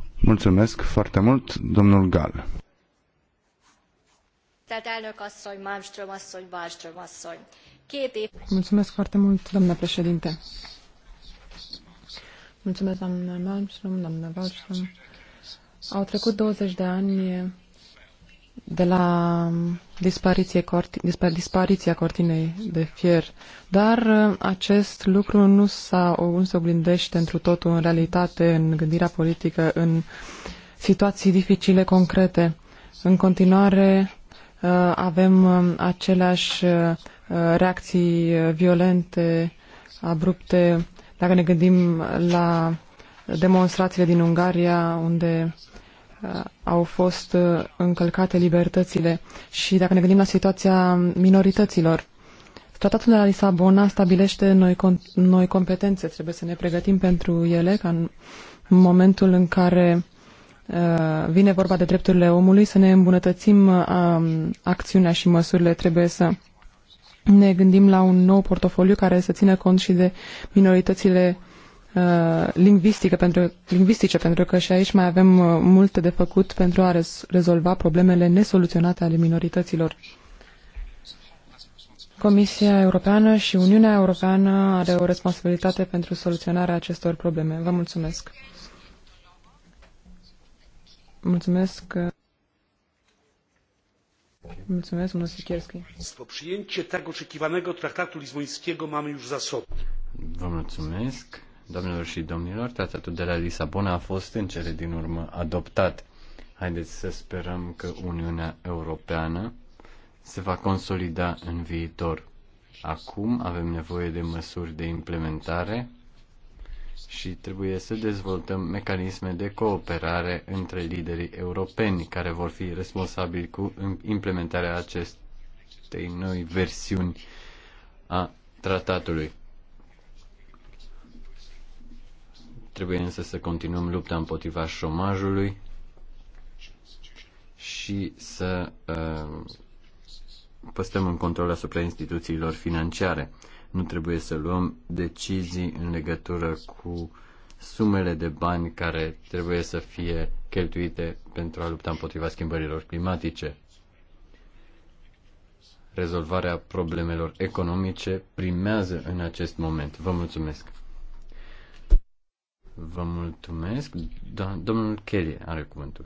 Mulțumesc foarte mult, domnul Gal. Mulțumesc foarte mult, doamnă președinte. Mulțumesc, doamnă Malmström, doamnă Wallström. Au trecut 20 de ani de la dispariție, dispar, dispariția cortinei de fier, dar uh, acest lucru nu, s-a, nu se oglindește într totul în realitate, în gândirea politică, în situații dificile, concrete. În continuare uh, avem um, aceleași uh, reacții violente, abrupte, dacă ne gândim la demonstrațiile din Ungaria, unde Uh, au fost uh, încălcate libertățile și dacă ne gândim la situația minorităților, Tratatul de la Lisabona stabilește noi, noi competențe. Trebuie să ne pregătim pentru ele ca în momentul în care uh, vine vorba de drepturile omului să ne îmbunătățim uh, acțiunea și măsurile. Trebuie să ne gândim la un nou portofoliu care să țină cont și de minoritățile Uh, lingvistică pentru, lingvistice, pentru că și aici mai avem uh, multe de făcut pentru a rezolva problemele nesoluționate ale minorităților. Comisia Europeană și Uniunea Europeană are o responsabilitate pentru soluționarea acestor probleme. Vă mulțumesc. Mulțumesc. Uh, mulțumesc, domnul Sikierski. Przyjęcie tak oczekiwanego traktatu lizbońskiego mamy już za sobą. Vă mulțumesc. Domnilor și domnilor, tratatul de la Lisabona a fost în cele din urmă adoptat. Haideți să sperăm că Uniunea Europeană se va consolida în viitor. Acum avem nevoie de măsuri de implementare și trebuie să dezvoltăm mecanisme de cooperare între liderii europeni care vor fi responsabili cu implementarea acestei noi versiuni a tratatului. Trebuie însă să continuăm lupta împotriva șomajului și să uh, păstrăm în control asupra instituțiilor financiare. Nu trebuie să luăm decizii în legătură cu sumele de bani care trebuie să fie cheltuite pentru a lupta împotriva schimbărilor climatice. Rezolvarea problemelor economice primează în acest moment. Vă mulțumesc! Vă mulțumesc. Do- domnul Kelly are cuvântul.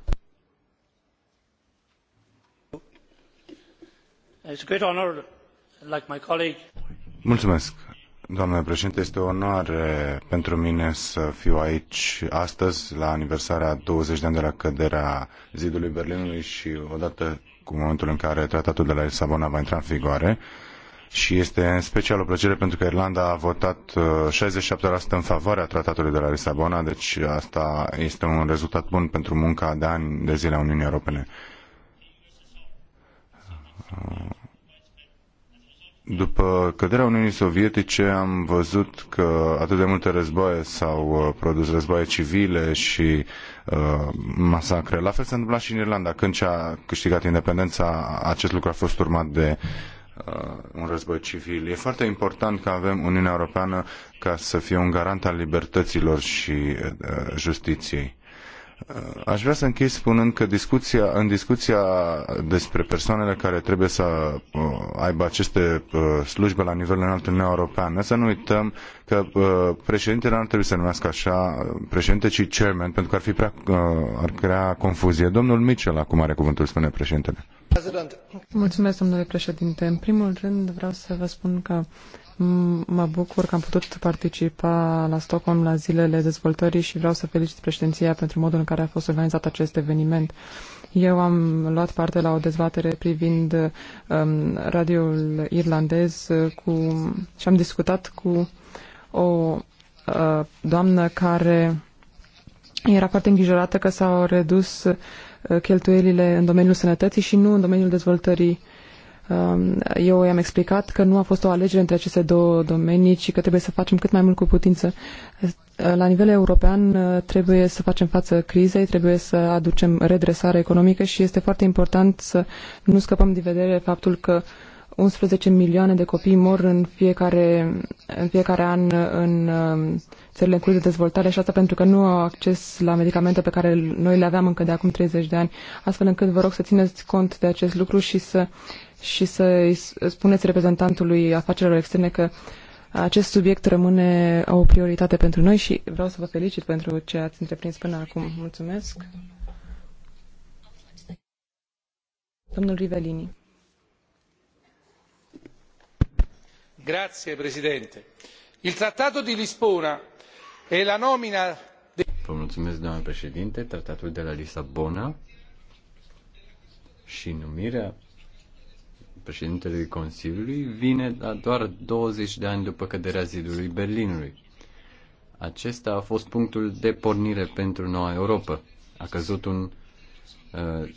Mulțumesc, domnule președinte. Este o onoare pentru mine să fiu aici astăzi la aniversarea 20 de ani de la căderea zidului Berlinului și odată cu momentul în care tratatul de la Lisabona va intra în vigoare. Uh, și este în special o plăcere pentru că Irlanda a votat 67% uh, în favoarea tratatului de la Lisabona, deci asta este un rezultat bun pentru munca de ani de zile a Uniunii Europene. Uh, după căderea Uniunii Sovietice am văzut că atât de multe războaie s-au uh, produs, războaie civile și uh, masacre. La fel s-a întâmplat și în Irlanda. Când și-a câștigat independența, acest lucru a fost urmat de uh, Uh, un război civil. E foarte important că avem Uniunea Europeană ca să fie un garant al libertăților și uh, justiției. Aș vrea să închei spunând că discuția, în discuția despre persoanele care trebuie să uh, aibă aceste uh, slujbe la nivel înalt în Uniunea Europeană, să nu uităm că uh, președintele nu trebui să numească așa președinte, ci chairman, pentru că ar, fi prea, ar crea confuzie. Domnul Mitchell acum are cuvântul, spune președintele. Mulțumesc, domnule președinte. În primul rând vreau să vă spun că Mă bucur că am putut participa la Stockholm la zilele dezvoltării și vreau să felicit președinția pentru modul în care a fost organizat acest eveniment. Eu am luat parte la o dezbatere privind um, radioul irlandez uh, cu, și am discutat cu o uh, doamnă care era foarte îngrijorată că s-au redus uh, cheltuielile în domeniul sănătății și nu în domeniul dezvoltării uh, Um, eu i-am explicat că nu a fost o alegere între aceste două domenii, ci că trebuie să facem cât mai mult cu putință. La nivel european uh, trebuie să facem față crizei, trebuie să aducem redresare economică și este foarte important să nu scăpăm din vedere faptul că 11 milioane de copii mor în fiecare, în fiecare an în um, țările în curs de dezvoltare și asta pentru că nu au acces la medicamente pe care noi le aveam încă de acum 30 de ani, astfel încât vă rog să țineți cont de acest lucru și să și să spuneți reprezentantului afacerilor externe că acest subiect rămâne o prioritate pentru noi și vreau să vă felicit pentru ce ați întreprins până acum. Mulțumesc. Domnul Rivelini. Grazie, Presidente. Il Trattato di Lisbona e la nomina... De... Vă mulțumesc, doamnă președinte. Tratatul de la Lisabona și numirea președintelui Consiliului vine la doar 20 de ani după căderea zidului Berlinului. Acesta a fost punctul de pornire pentru noua Europa. A căzut un uh,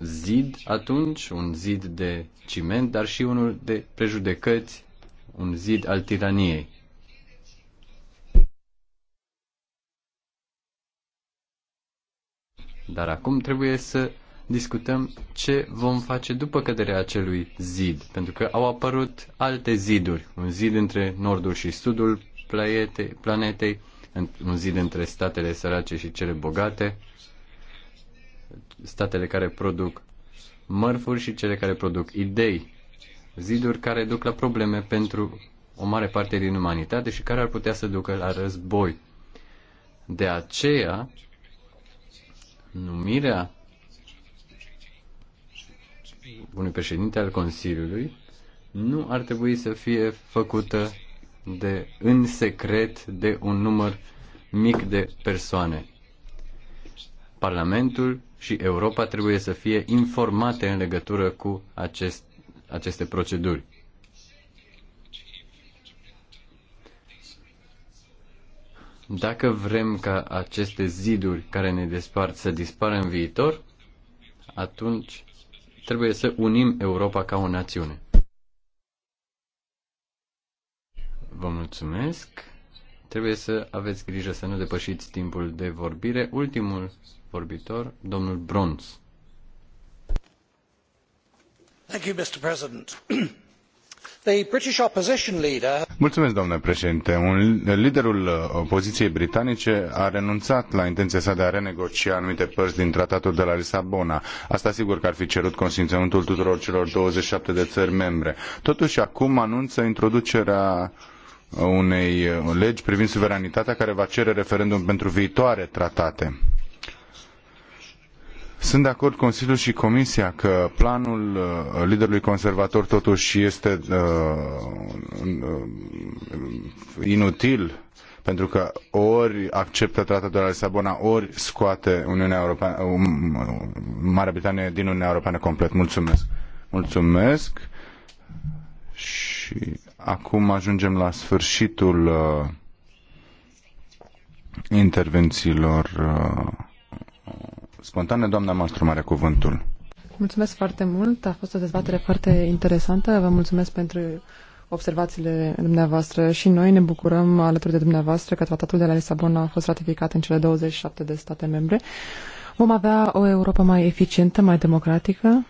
zid atunci, un zid de ciment, dar și unul de prejudecăți, un zid al tiraniei. Dar acum trebuie să discutăm ce vom face după căderea acelui zid, pentru că au apărut alte ziduri, un zid între nordul și sudul planetei, un zid între statele sărace și cele bogate, statele care produc mărfuri și cele care produc idei, ziduri care duc la probleme pentru o mare parte din umanitate și care ar putea să ducă la război. De aceea, numirea unui președinte al Consiliului nu ar trebui să fie făcută de, în secret de un număr mic de persoane. Parlamentul și Europa trebuie să fie informate în legătură cu acest, aceste proceduri. Dacă vrem ca aceste ziduri care ne despart să dispară în viitor, atunci Trebuie să unim Europa ca o națiune. Vă mulțumesc. Trebuie să aveți grijă să nu depășiți timpul de vorbire. Ultimul vorbitor, domnul Bronz. Thank you, Mr. President. Mulțumesc, domnule președinte. Un, liderul uh, opoziției britanice a renunțat la intenția sa de a renegocia anumite părți din tratatul de la Lisabona. Asta sigur că ar fi cerut consimțământul tuturor celor 27 de țări membre. Totuși, acum anunță introducerea uh, unei uh, legi privind suveranitatea care va cere referendum pentru viitoare tratate sunt de acord Consiliul și Comisia că planul uh, liderului conservator totuși este uh, uh, inutil pentru că ori acceptă tratatul de la Lisabona, ori scoate Uniunea Europeană, uh, um, Marea Britanie din Uniunea Europeană complet. Mulțumesc. Mulțumesc. Și acum ajungem la sfârșitul uh, intervențiilor uh, spontane. Doamna Mastru mare cuvântul. Mulțumesc foarte mult. A fost o dezbatere foarte interesantă. Vă mulțumesc pentru observațiile dumneavoastră și noi ne bucurăm alături de dumneavoastră că tratatul de la Lisabona a fost ratificat în cele 27 de state membre. Vom avea o Europa mai eficientă, mai democratică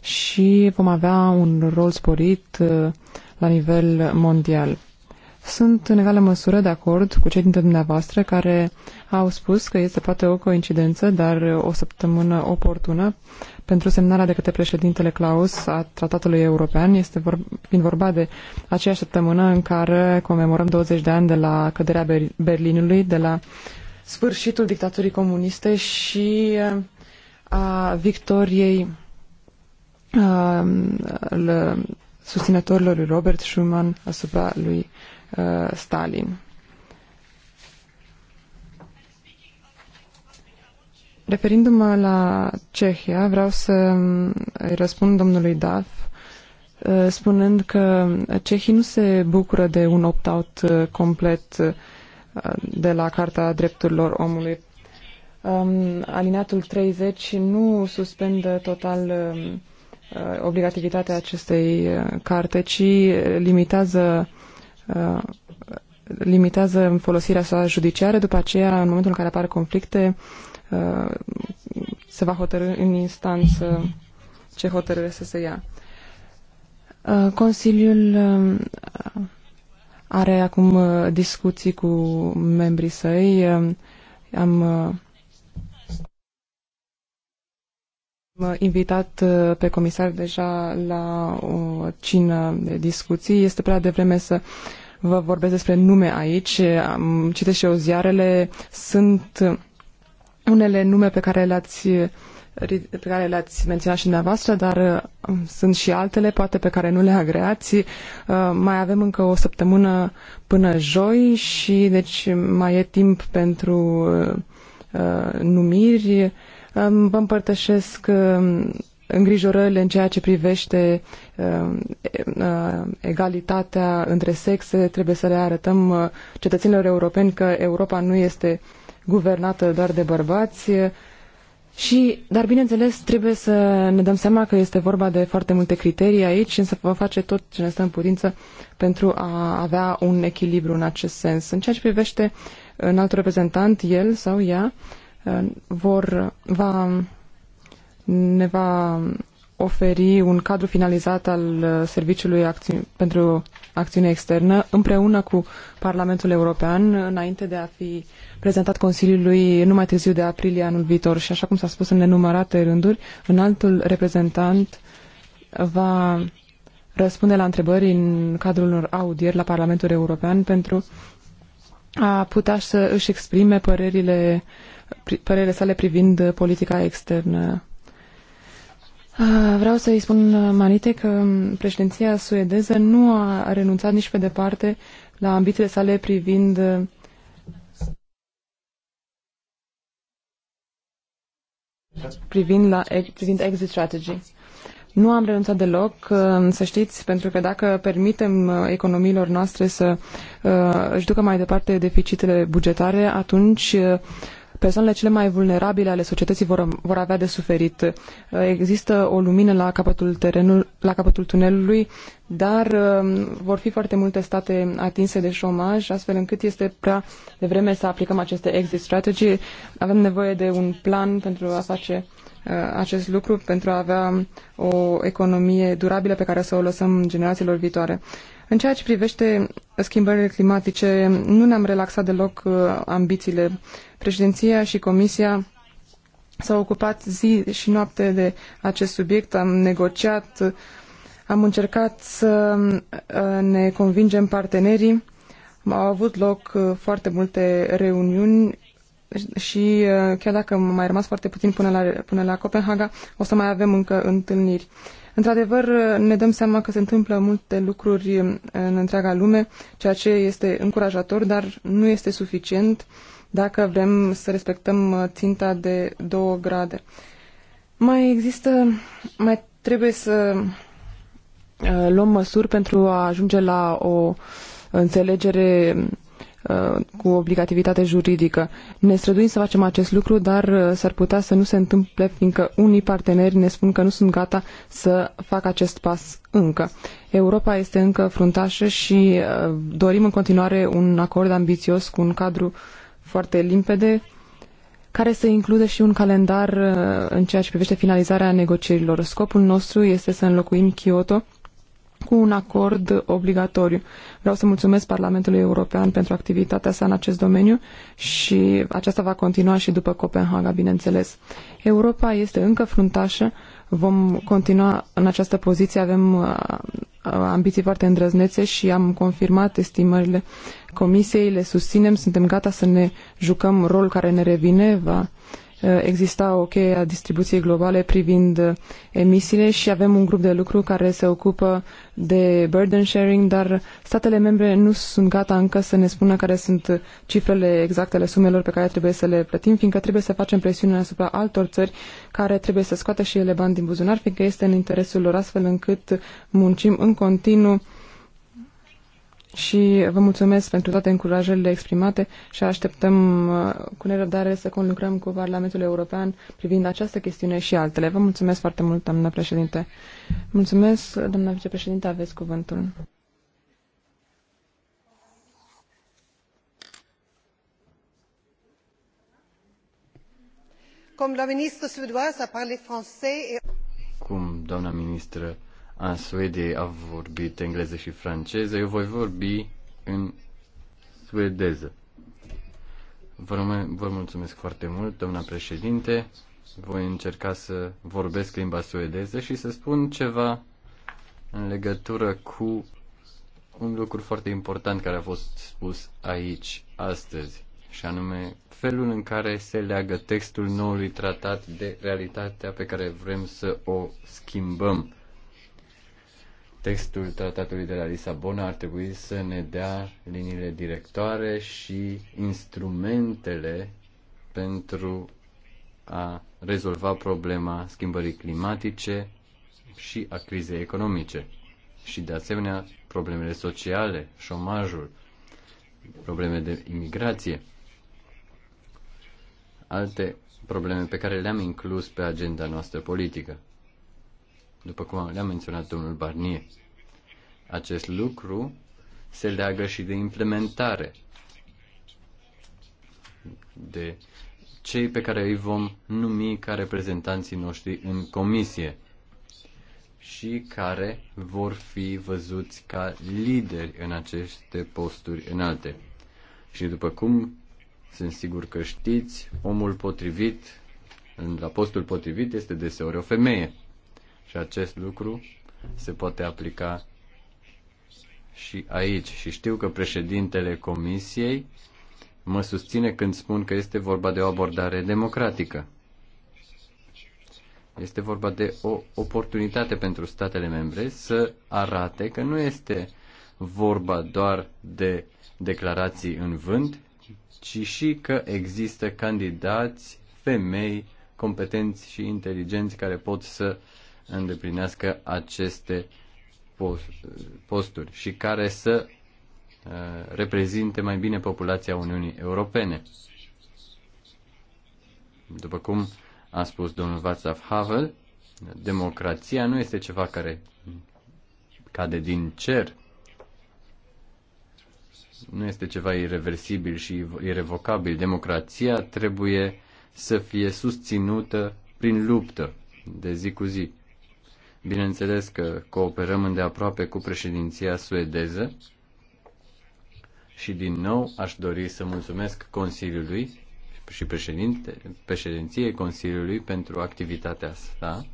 și vom avea un rol sporit uh, la nivel mondial. Sunt în egală măsură de acord cu cei dintre dumneavoastră care au spus că este poate o coincidență, dar o săptămână oportună pentru semnarea de către președintele Claus a tratatului european. Este vor, fiind vorba de aceeași săptămână în care comemorăm 20 de ani de la căderea Ber- Berlinului, de la sfârșitul dictaturii comuniste și uh, a victoriei a, uh, susținătorilor lui Robert Schuman asupra lui uh, Stalin. Referindu-mă la Cehia, vreau să mm, îi răspund domnului Daf uh, spunând că cehii nu se bucură de un opt-out uh, complet uh, de la Carta Drepturilor Omului. Um, Alineatul 30 nu suspendă total um, obligativitatea acestei carte, ci limitează limitează folosirea sa judiciară, după aceea, în momentul în care apar conflicte, Uh, se va hotărâ în instanță ce hotărâre să se ia. Uh, Consiliul uh, are acum discuții cu membrii săi. Am invitat pe comisar deja la o cină de discuții. Este prea devreme să vă vorbesc despre nume aici. Am citesc și eu ziarele. Sunt unele nume pe care le-ați pe care le-ați menționat și dumneavoastră, dar uh, sunt și altele, poate pe care nu le agreați. Uh, mai avem încă o săptămână până joi și deci mai e timp pentru uh, numiri. Um, vă împărtășesc um, îngrijorările în ceea ce privește um, egalitatea între sexe. Trebuie să le arătăm cetățenilor europeni că Europa nu este uh, guvernată doar de bărbați. Și, dar bineînțeles, trebuie să ne dăm seama că este vorba de foarte multe criterii aici, și să vă face tot ce ne stă în putință pentru a avea un echilibru în acest sens. În ceea ce privește în alt reprezentant, el sau ea vor, va, ne va oferi un cadru finalizat al Serviciului acți- pentru Acțiune Externă împreună cu Parlamentul European înainte de a fi uh, prezentat Consiliului numai târziu de aprilie anul viitor și așa cum s-a spus în nenumărate rânduri, un altul reprezentant va răspunde la întrebări în cadrul unor audieri la Parlamentul European pentru a putea să își exprime părerile, părerile sale privind politica externă. Vreau să îi spun Manite că președinția suedeză nu a renunțat nici pe departe la ambițiile sale privind privind, la, privind exit strategy. Nu am renunțat deloc, uh, să știți, pentru că dacă permitem uh, economiilor noastre să uh, își ducă mai departe deficitele bugetare, atunci persoanele cele mai vulnerabile ale societății vor, vor avea de suferit. Uh, există o lumină la capătul terenul, la capătul tunelului, dar um, vor fi foarte multe state atinse de șomaj, astfel încât este prea devreme să aplicăm aceste exit strategy. Avem nevoie de un plan pentru a face uh, acest lucru pentru a avea o economie durabilă pe care să o lăsăm generațiilor viitoare. În ceea ce privește schimbările climatice, nu ne-am relaxat deloc uh, ambițiile. Președinția și Comisia s-au ocupat zi și noapte de acest subiect, am negociat, am încercat să uh, ne convingem partenerii, au avut loc uh, foarte multe reuniuni și chiar dacă mai rămas foarte puțin până la, până la Copenhaga, o să mai avem încă întâlniri. Într-adevăr, ne dăm seama că se întâmplă multe lucruri uh, în întreaga lume, ceea ce este încurajator, dar nu este suficient dacă vrem să respectăm uh, ținta de două grade. Mai există, mai trebuie să uh, luăm măsuri pentru a ajunge la o înțelegere Uh, cu obligativitate juridică. Ne străduim să facem acest lucru, dar uh, s-ar putea să nu se întâmple, fiindcă unii parteneri ne spun că nu sunt gata să facă acest pas încă. Europa este încă fruntașă și uh, dorim în continuare un acord ambițios cu un cadru foarte limpede care să includă și un calendar în ceea ce privește finalizarea negocierilor. Scopul nostru este să înlocuim Kyoto cu un acord obligatoriu. Vreau să mulțumesc Parlamentului European pentru activitatea sa în acest domeniu și aceasta va continua și după Copenhaga, bineînțeles. Europa este încă fruntașă, vom continua în această poziție, avem uh, uh, ambiții foarte îndrăznețe și am confirmat estimările comisiei, le susținem, suntem gata să ne jucăm rolul care ne revine, va exista o cheie a distribuției globale privind uh, emisiile și avem un grup de lucru care se ocupă de burden sharing, dar statele membre nu sunt gata încă să ne spună care sunt cifrele exacte ale sumelor pe care trebuie să le plătim, fiindcă trebuie să facem presiune asupra altor țări care trebuie să scoată și ele bani din buzunar, fiindcă este în interesul lor astfel încât muncim în continuu și vă mulțumesc pentru toate încurajările exprimate și așteptăm uh, cu nerăbdare să conlucrăm cu Parlamentul European privind această chestiune și altele. Vă mulțumesc foarte mult, doamna președinte. Mulțumesc, doamna vicepreședinte, aveți cuvântul. Cum doamna ministră a parlat cum doamna ministră a Suediei a vorbit engleză și franceză, eu voi vorbi în suedeză. Vă, vă mulțumesc foarte mult, doamna președinte. Voi încerca să vorbesc limba suedeză și să spun ceva în legătură cu un lucru foarte important care a fost spus aici astăzi, și anume felul în care se leagă textul noului tratat de realitatea pe care vrem să o schimbăm textul tratatului de la Lisabona ar trebui să ne dea liniile directoare și instrumentele pentru a rezolva problema schimbării climatice și a crizei economice și de asemenea problemele sociale, șomajul, probleme de imigrație, alte probleme pe care le-am inclus pe agenda noastră politică după cum le-a menționat domnul Barnier. Acest lucru se leagă și de implementare, de cei pe care îi vom numi ca reprezentanții noștri în comisie și care vor fi văzuți ca lideri în aceste posturi înalte. Și după cum sunt sigur că știți, omul potrivit, la postul potrivit, este deseori o femeie. Și acest lucru se poate aplica și aici. Și știu că președintele Comisiei mă susține când spun că este vorba de o abordare democratică. Este vorba de o oportunitate pentru statele membre să arate că nu este vorba doar de declarații în vânt, ci și că există candidați, femei, competenți și inteligenți care pot să uh, îndeplinească aceste posturi și care să uh, reprezinte mai bine populația Uniunii Europene. După cum a spus domnul Václav Havel, democrația nu este ceva care cade din cer, nu este ceva irreversibil și irrevocabil. Democrația trebuie să fie susținută prin luptă de zi cu zi. Bineînțeles că cooperăm îndeaproape cu președinția suedeză și din nou aș dori să mulțumesc Consiliului și președinte, președinției Consiliului pentru activitatea sa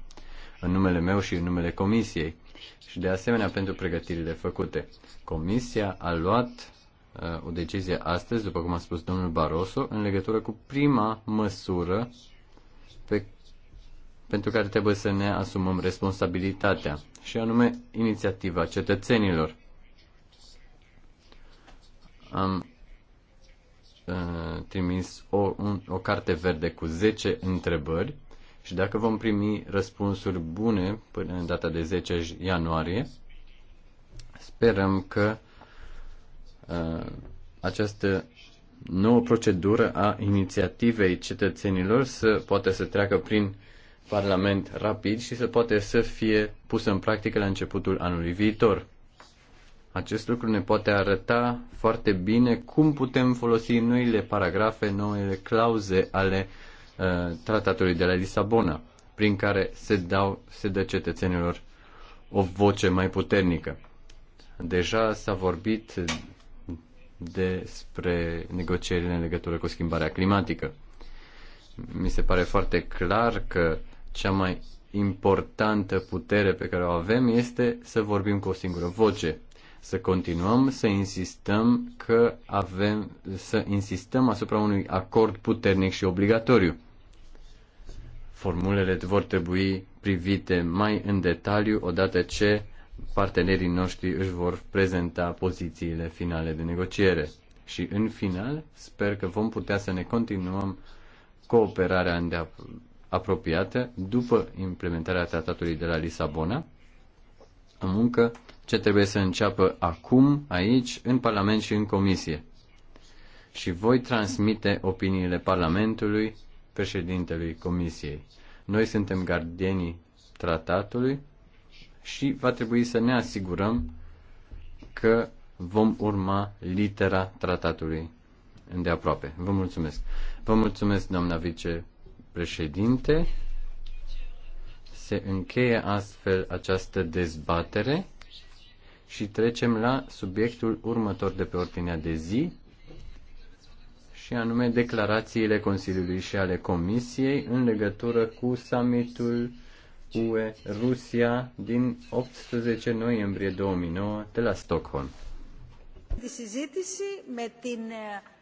în numele meu și în numele Comisiei și de asemenea pentru pregătirile făcute. Comisia a luat uh, o decizie astăzi, după cum a spus domnul Barroso, în legătură cu prima măsură pe pentru care trebuie să ne asumăm responsabilitatea, și anume inițiativa cetățenilor. Am uh, trimis o, un, o carte verde cu 10 întrebări și dacă vom primi răspunsuri bune până în data de 10 ianuarie, sperăm că uh, această nouă procedură a inițiativei cetățenilor să poată să treacă prin Parlament rapid și se poate să fie pusă în practică la începutul anului viitor. Acest lucru ne poate arăta foarte bine cum putem folosi noile paragrafe, noile clauze ale uh, tratatului de la Lisabona, prin care se, dau, se dă cetățenilor o voce mai puternică. Deja s-a vorbit despre negocierile în legătură cu schimbarea climatică. Mi se pare foarte clar că uh, cea mai importantă putere pe care o avem este să vorbim cu o singură voce, să continuăm să insistăm că avem să insistăm asupra unui acord puternic și obligatoriu. Formulele vor trebui privite mai în detaliu odată ce partenerii noștri își vor prezenta pozițiile finale de negociere. Și în final, sper că vom putea să ne continuăm cooperarea apropiată după implementarea tratatului de la Lisabona, o muncă ce trebuie să înceapă acum, aici, în Parlament și în Comisie. Și voi transmite opiniile Parlamentului președintelui Comisiei. Noi suntem gardienii tratatului și va trebui să ne asigurăm că vom urma litera tratatului îndeaproape. Vă mulțumesc. Vă mulțumesc, doamna vice președinte. Se încheie astfel această dezbatere și trecem la subiectul următor de pe ordinea de zi, și anume declarațiile Consiliului și ale Comisiei în legătură cu summitul UE-Rusia din 18 noiembrie 2009 de la Stockholm. Τη συζήτηση